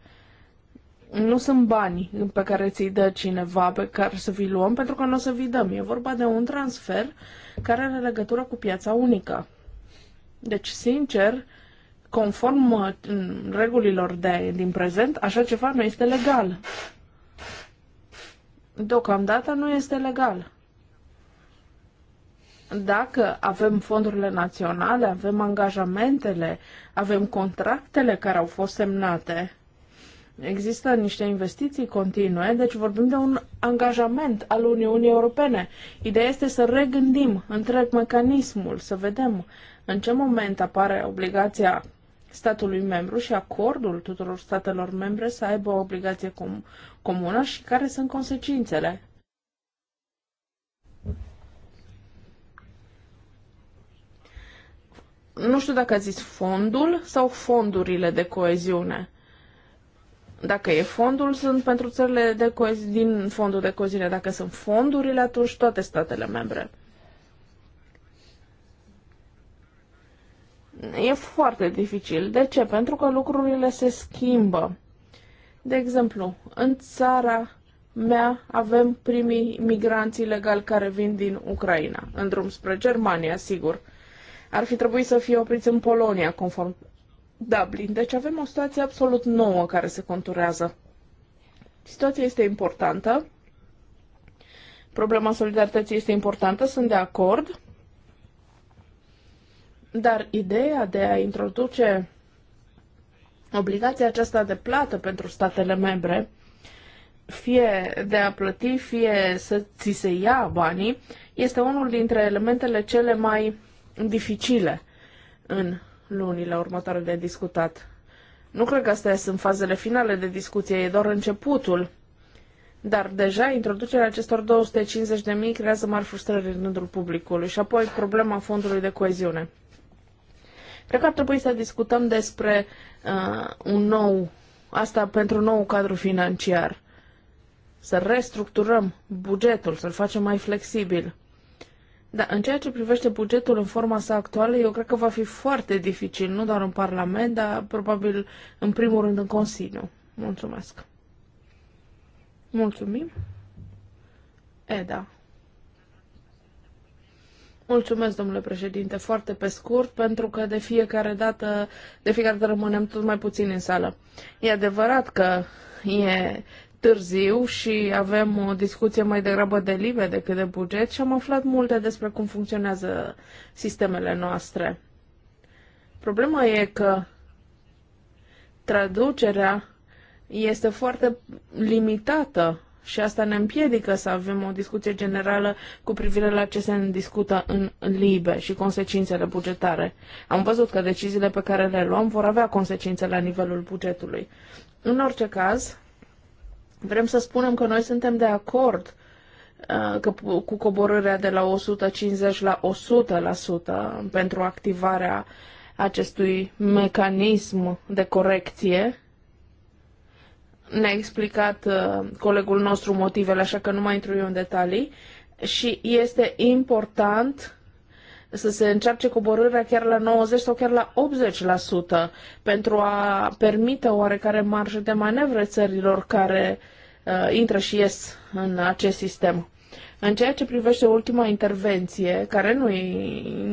nu sunt bani pe care ți-i dă cineva pe care să vi luăm pentru că nu o să vi dăm. E vorba de un transfer care are legătură cu piața unică. Deci, sincer, conform uh, regulilor de, din prezent, așa ceva nu este legal. Deocamdată nu este legal. Dacă avem fondurile naționale, avem angajamentele, avem contractele care au fost semnate, Există niște investiții continue, deci vorbim de un angajament al Uniunii Europene. Ideea este să regândim întreg mecanismul, să vedem în ce moment apare obligația statului membru și acordul tuturor statelor membre să aibă o obligație com- comună și care sunt consecințele. Nu știu dacă a zis fondul sau fondurile de coeziune. Dacă e fondul, sunt pentru țările de coezi, din fondul de coziune. Dacă sunt fondurile, atunci toate statele membre. E foarte dificil. De ce? Pentru că lucrurile se schimbă. De exemplu, în țara mea avem primii migranți ilegali care vin din Ucraina, în drum spre Germania, sigur. Ar fi trebuit să fie opriți în Polonia, conform Dublin. Deci avem o situație absolut nouă care se conturează. Situația este importantă. Problema solidarității este importantă, sunt de acord. Dar ideea de a introduce obligația aceasta de plată pentru statele membre, fie de a plăti, fie să ți se ia banii, este unul dintre elementele cele mai dificile în lunile următoare de discutat. Nu cred că astea sunt fazele finale de discuție, e doar începutul. Dar deja introducerea acestor 250 de mii creează mari frustrări în rândul publicului și apoi problema fondului de coeziune. Cred că ar trebui să discutăm despre uh, un nou, asta pentru nou cadru financiar. Să restructurăm bugetul, să-l facem mai flexibil. Da, în ceea ce privește bugetul în forma sa actuală, eu cred că va fi foarte dificil, nu doar în Parlament, dar probabil în primul rând în Consiliu. Mulțumesc. Mulțumim. Eda. Mulțumesc, domnule președinte, foarte pe scurt, pentru că de fiecare dată, de fiecare dată rămânem tot mai puțin în sală. E adevărat că e târziu și avem o discuție mai degrabă de libe decât de buget și am aflat multe despre cum funcționează sistemele noastre. Problema e că traducerea este foarte limitată și asta ne împiedică să avem o discuție generală cu privire la ce se discută în libe și consecințele bugetare. Am văzut că deciziile pe care le luăm vor avea consecințe la nivelul bugetului. În orice caz, Vrem să spunem că noi suntem de acord uh, că, cu coborârea de la 150 la 100% pentru activarea acestui mecanism de corecție. Ne-a explicat uh, colegul nostru motivele, așa că nu mai intru eu în detalii. Și este important să se încerce coborârea chiar la 90 sau chiar la 80% pentru a permite oarecare marjă de manevră țărilor care uh, intră și ies în acest sistem. În ceea ce privește ultima intervenție, care nu e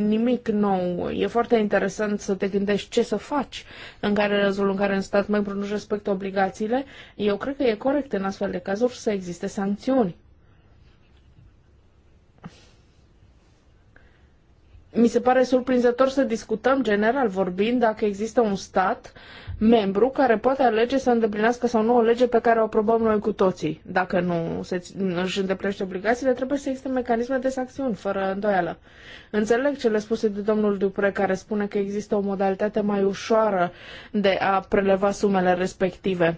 nimic nou, e foarte interesant să te gândești ce să faci în care răzul în care în stat membru nu respectă obligațiile, eu cred că e corect în astfel de cazuri să existe sancțiuni. mi se pare surprinzător să discutăm, general vorbind, dacă există un stat membru care poate alege să îndeplinească sau nu o lege pe care o aprobăm noi cu toții. Dacă nu se, își îndeplinește obligațiile, trebuie să existe mecanisme de sancțiuni, fără îndoială. Înțeleg cele spuse de domnul Dupre, care spune că există o modalitate mai ușoară de a preleva sumele respective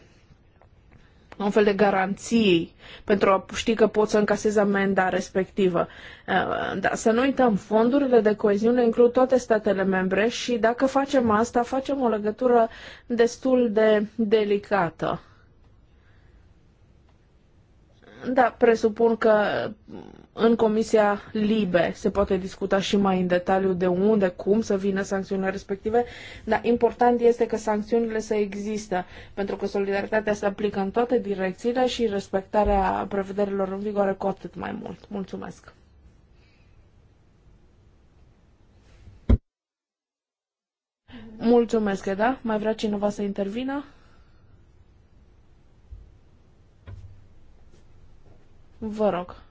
un fel de garanții pentru a ști că poți să încasezi amenda respectivă. Uh, Dar să nu uităm, fondurile de coeziune includ toate statele membre și dacă facem asta, facem o legătură destul de delicată. Da, presupun că în Comisia Libe se poate discuta și mai în detaliu de unde, cum să vină sancțiunile respective, dar important este că sancțiunile să există, pentru că solidaritatea se aplică în toate direcțiile și respectarea prevederilor în vigoare cu atât mai mult. Mulțumesc! Mulțumesc, da? Mai vrea cineva să intervină? Vă rog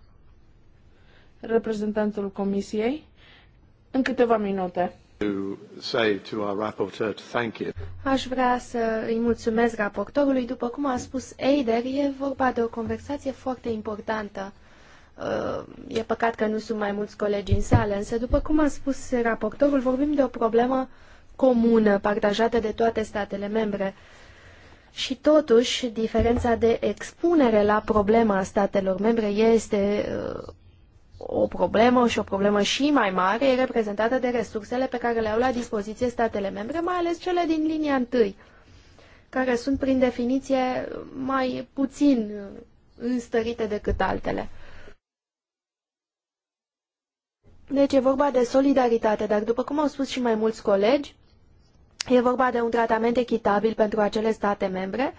reprezentantul Comisiei în câteva minute. Aș vrea să îi mulțumesc raportorului. După cum a spus Eider, e vorba de o conversație foarte importantă. Uh, e păcat că nu sunt mai mulți colegi în sală, însă după cum a spus raportorul, vorbim de o problemă comună, partajată de toate statele membre. Și totuși, diferența de expunere la problema statelor membre este uh, o problemă și o problemă și mai mare e reprezentată de resursele pe care le au la dispoziție statele membre, mai ales cele din linia întâi, care sunt prin definiție mai puțin uh, înstărite decât altele. Deci e vorba de solidaritate, dar după cum au spus și mai mulți colegi, e vorba de un tratament echitabil pentru acele state membre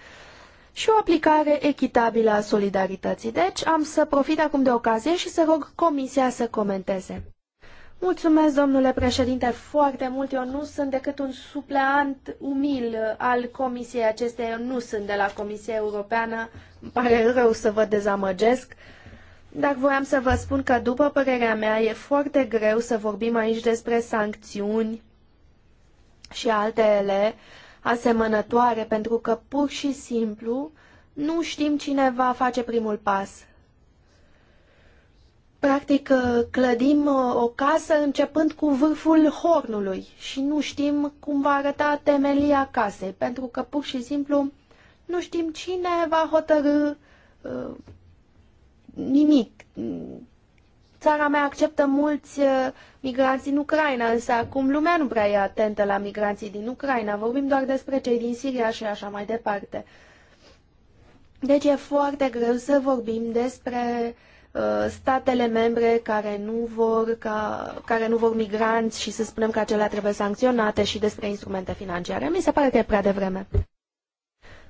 și o aplicare echitabilă a solidarității. Deci am să profit acum de ocazie și să rog Comisia să comenteze. Mulțumesc, domnule președinte, foarte mult. Eu nu sunt decât un supleant umil al Comisiei acesteia. Eu nu sunt de la Comisia Europeană. Îmi pare rău să vă dezamăgesc. Dar voiam să vă spun că, după părerea mea, e foarte greu să vorbim aici despre sancțiuni și altele uh, asemănătoare, pentru că pur și simplu nu știm cine va face primul pas. Practic, uh, clădim uh, o casă începând cu vârful hornului și nu știm cum va arăta temelia casei, pentru că pur și simplu nu știm cine va hotărâ uh, nimic, Țara mea acceptă mulți uh, migranți din Ucraina, însă acum lumea nu prea e atentă la migranții din Ucraina. Vorbim doar despre cei din Siria și așa mai departe. Deci e foarte greu să vorbim despre uh, statele membre care nu, vor ca, care nu vor migranți și să spunem că acelea trebuie sancționate și despre instrumente financiare. Mi se pare că e prea devreme.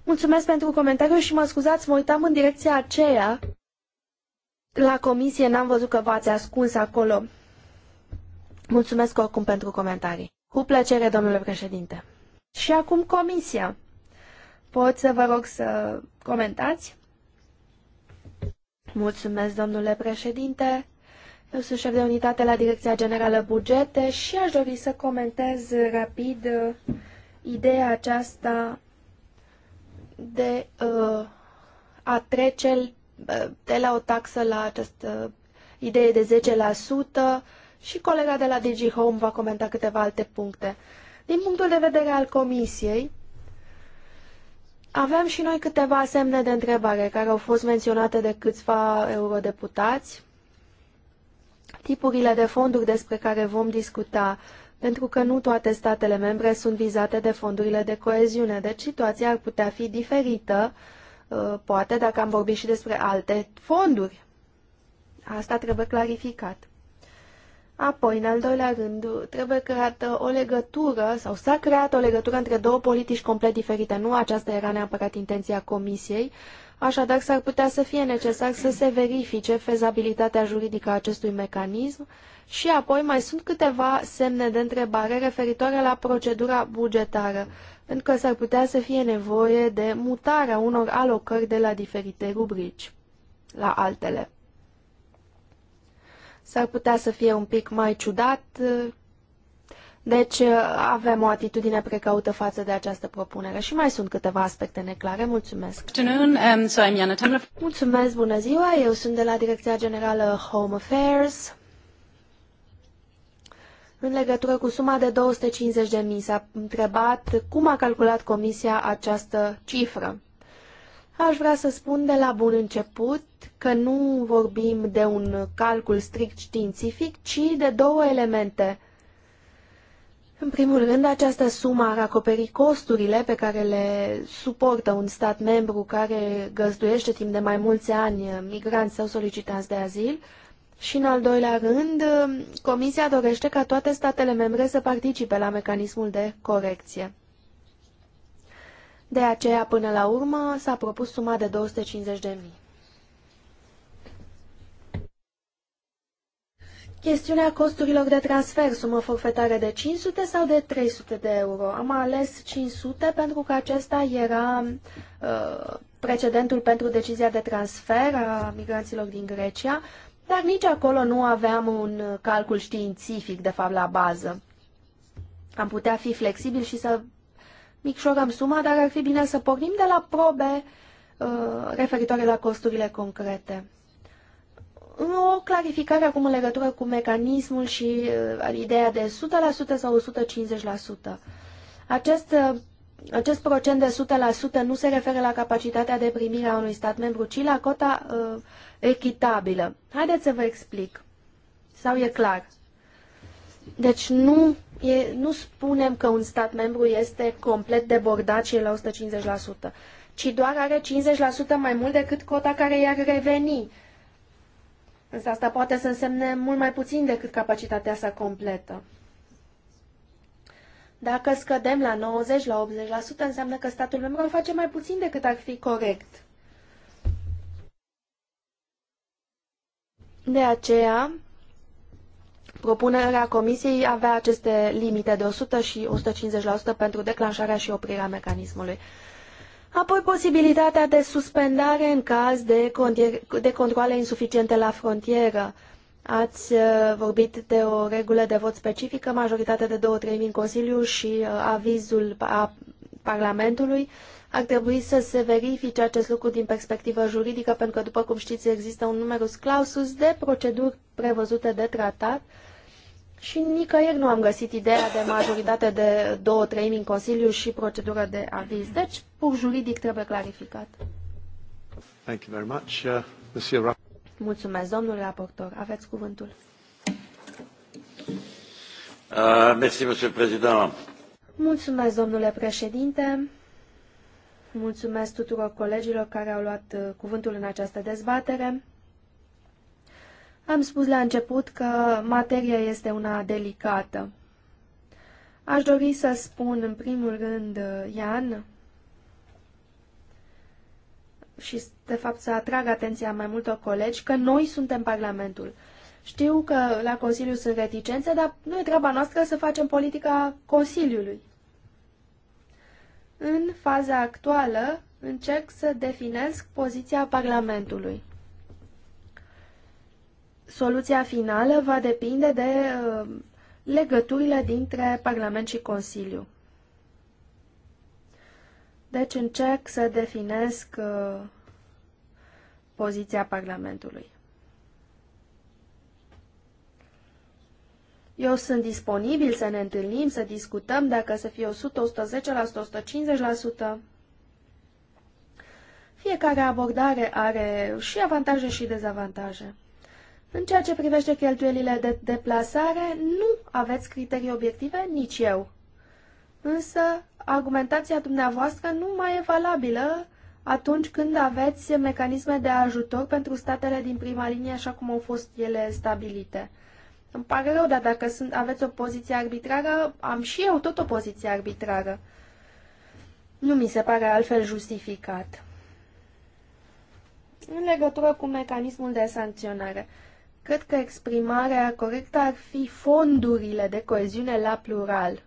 Mulțumesc pentru comentariu și mă scuzați, mă uitam în direcția aceea. La comisie n-am văzut că v-ați ascuns acolo. Mulțumesc oricum pentru comentarii. Cu plăcere, domnule președinte. Și acum comisia. Pot să vă rog să comentați? Mulțumesc, domnule președinte. Eu sunt șef de unitate la Direcția Generală Bugete și aș dori să comentez rapid uh, ideea aceasta de uh, a trece de la o taxă la această idee de 10% și colega de la Home va comenta câteva alte puncte. Din punctul de vedere al Comisiei, avem și noi câteva semne de întrebare care au fost menționate de câțiva eurodeputați. Tipurile de fonduri despre care vom discuta, pentru că nu toate statele membre sunt vizate de fondurile de coeziune, deci situația ar putea fi diferită uh, Uh, poate dacă am vorbit și despre alte fonduri. Asta trebuie clarificat. Apoi, în al doilea rând, trebuie creată o legătură sau s-a creat o legătură între două politici complet diferite. Nu aceasta era neapărat intenția Comisiei, așadar s-ar putea să fie necesar să se verifice fezabilitatea juridică a acestui mecanism și apoi mai sunt câteva semne de întrebare referitoare la procedura bugetară pentru că s-ar putea să fie nevoie de mutarea unor alocări de la diferite rubrici la altele. S-ar putea să fie un pic mai ciudat, deci uh, avem o atitudine precaută față de această propunere și mai sunt câteva aspecte neclare. Mulțumesc! Um, Mulțumesc, bună ziua! Eu sunt de la Direcția Generală Home Affairs. În legătură cu suma de 250 de mii s-a întrebat cum a calculat Comisia această cifră. Aș vrea să spun de la bun început că nu vorbim de un calcul strict științific, ci de două elemente. În primul rând, această sumă ar acoperi costurile pe care le suportă un stat membru care găzduiește timp de mai mulți ani migranți sau solicitanți de azil și în al doilea rând, Comisia dorește ca toate statele membre să participe la mecanismul de corecție. De aceea, până la urmă, s-a propus suma de 250 de mii. Chestiunea costurilor de transfer, sumă forfetare de 500 sau de 300 de euro. Am ales 500 pentru că acesta era uh, precedentul pentru decizia de transfer a migranților din Grecia. Dar nici acolo nu aveam un calcul științific, de fapt, la bază. Am putea fi flexibil și să micșorăm suma, dar ar fi bine să pornim de la probe uh, referitoare la costurile concrete. O clarificare acum în legătură cu mecanismul și uh, ideea de 100% sau 150%. Acest, uh, acest procent de 100% nu se referă la capacitatea de primire a unui stat membru, ci la cota uh, echitabilă. Haideți să vă explic. Sau e clar? Deci nu, e, nu spunem că un stat membru este complet debordat și e la 150%, ci doar are 50% mai mult decât cota care i-ar reveni. Însă asta poate să însemne mult mai puțin decât capacitatea sa completă. Dacă scădem la 90, la 80%, înseamnă că statul membru face mai puțin decât ar fi corect. De aceea, propunerea Comisiei avea aceste limite de 100 și 150% pentru declanșarea și oprirea mecanismului. Apoi posibilitatea de suspendare în caz de, de controle insuficiente la frontieră. Ați uh, vorbit de o regulă de vot specifică, majoritatea de două treimi în Consiliu și uh, avizul Parlamentului. Uh, ar trebui să se verifice acest lucru din perspectivă juridică, pentru că, după cum știți, există un numerus clausus de proceduri prevăzute de tratat și nicăieri nu am găsit ideea de majoritate de două treimi în Consiliu și procedură de aviz. Deci, pur juridic trebuie clarificat. Thank you very much, uh, Monsieur... Mulțumesc, domnule raportor. Aveți cuvântul. Uh, merci, Mulțumesc, domnule președinte. Mulțumesc tuturor colegilor care au luat uh, cuvântul în această dezbatere. Am spus la început că materia este una delicată. Aș dori să spun în primul rând, uh, Ian, și de fapt să atrag atenția mai multor colegi, că noi suntem Parlamentul. Știu că la Consiliu sunt reticențe, dar nu e treaba noastră să facem politica Consiliului. În faza actuală încerc să definesc poziția Parlamentului. Soluția finală va depinde de uh, legăturile dintre Parlament și Consiliu. Deci încerc să definesc uh, poziția Parlamentului. Eu sunt disponibil să ne întâlnim, să discutăm dacă să fie 100, 110%, 150%. Fiecare abordare are și avantaje și dezavantaje. În ceea ce privește cheltuielile de deplasare, nu aveți criterii obiective, nici eu. Însă, argumentația dumneavoastră nu mai e valabilă atunci când aveți mecanisme de ajutor pentru statele din prima linie, așa cum au fost ele stabilite. Îmi pare rău, dar dacă sunt, aveți o poziție arbitrară, am și eu tot o poziție arbitrară. Nu mi se pare altfel justificat. În legătură cu mecanismul de sancționare, cred că exprimarea corectă ar fi fondurile de coeziune la plural.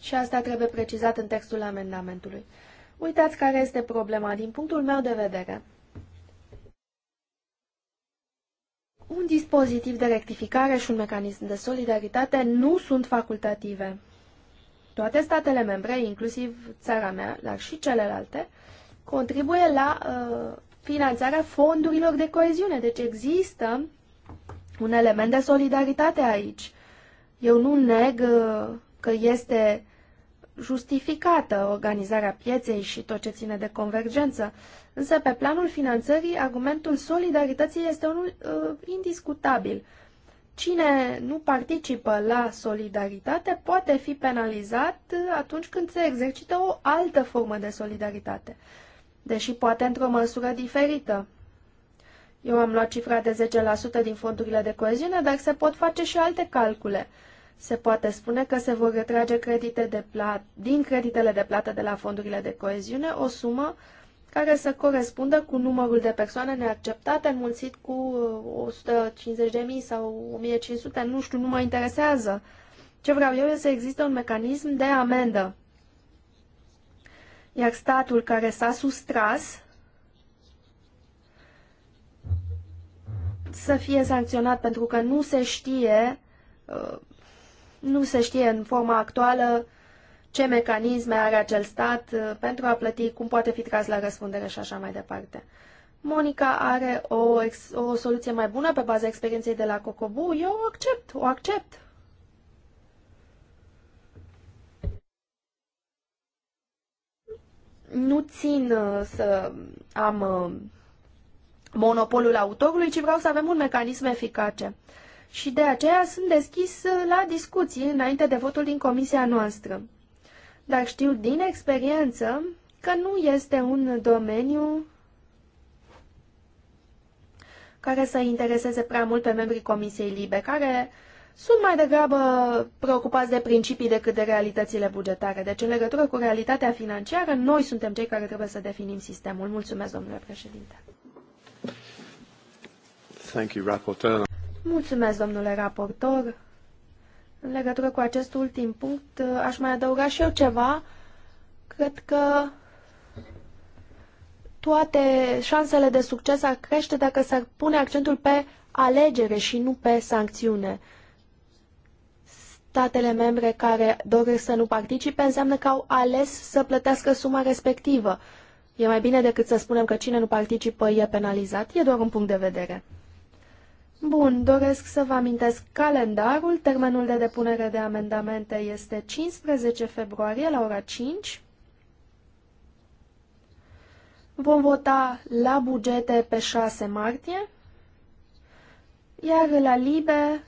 Și asta trebuie precizat în textul amendamentului. Uitați care este problema din punctul meu de vedere. Un dispozitiv de rectificare și un mecanism de solidaritate nu sunt facultative. Toate statele membre, inclusiv țara mea, dar și celelalte, contribuie la uh, finanțarea fondurilor de coeziune. Deci există un element de solidaritate aici. Eu nu neg uh, că este uh, justificată organizarea pieței și tot ce ține de convergență, însă pe planul finanțării argumentul solidarității este unul uh, indiscutabil. Cine nu participă la solidaritate poate fi penalizat uh, atunci când se exercită o altă formă de solidaritate, deși poate într-o măsură diferită. Eu am luat cifra de 10% din fondurile de coeziune, dar se pot face și alte calcule. Uh, se poate spune că se vor retrage credite de plat, din creditele de plată de la fondurile de coeziune o sumă care să corespundă cu numărul de persoane neacceptate înmulțit cu 150.000 uh, sau 1.500, nu știu, nu mă interesează. Ce vreau eu este să existe un mecanism de amendă. Iar statul care s-a sustras să fie sancționat pentru că nu se știe uh, nu se știe în forma actuală ce mecanisme are acel stat uh, pentru a plăti, cum poate fi tras la răspundere și așa mai departe. Monica are o, ex, o soluție mai bună pe baza experienței de la Cocobu. Eu o accept, o accept. Nu țin uh, să am uh, monopolul autorului, ci vreau să avem un mecanism eficace și de aceea sunt deschis la discuții înainte de votul din comisia noastră. Dar știu din experiență că nu este un domeniu care să intereseze prea mult pe membrii Comisiei Libe, care sunt mai degrabă preocupați de principii decât de realitățile bugetare. Deci, în legătură cu realitatea financiară, noi suntem cei care trebuie să definim sistemul. Mulțumesc, domnule președinte. Thank you, Mulțumesc, domnule raportor. În legătură cu acest ultim punct, uh, aș mai adăuga și eu ceva. Cred că toate șansele de succes ar crește dacă s-ar pune accentul pe alegere și nu pe sancțiune. Statele membre care doresc să nu participe înseamnă că au ales să plătească suma respectivă. E mai bine decât să spunem că cine nu participă e penalizat. E doar un punct de vedere. Bun, doresc să vă amintesc calendarul. Termenul de depunere de amendamente este 15 februarie la ora 5. Vom vota la bugete pe 6 martie, iar la libe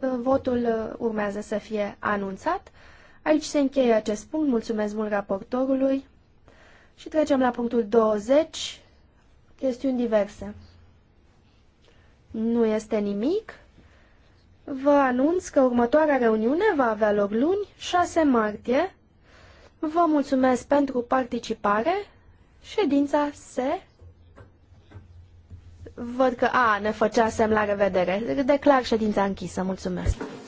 uh, votul uh, urmează să fie anunțat. Aici se încheie acest punct. Mulțumesc mult raportorului. Și trecem la punctul 20, chestiuni diverse nu este nimic, vă anunț că următoarea reuniune va avea loc luni, 6 martie. Vă mulțumesc pentru participare. Ședința se... Văd că, a, ne făcea semn la revedere. Declar ședința închisă. Mulțumesc.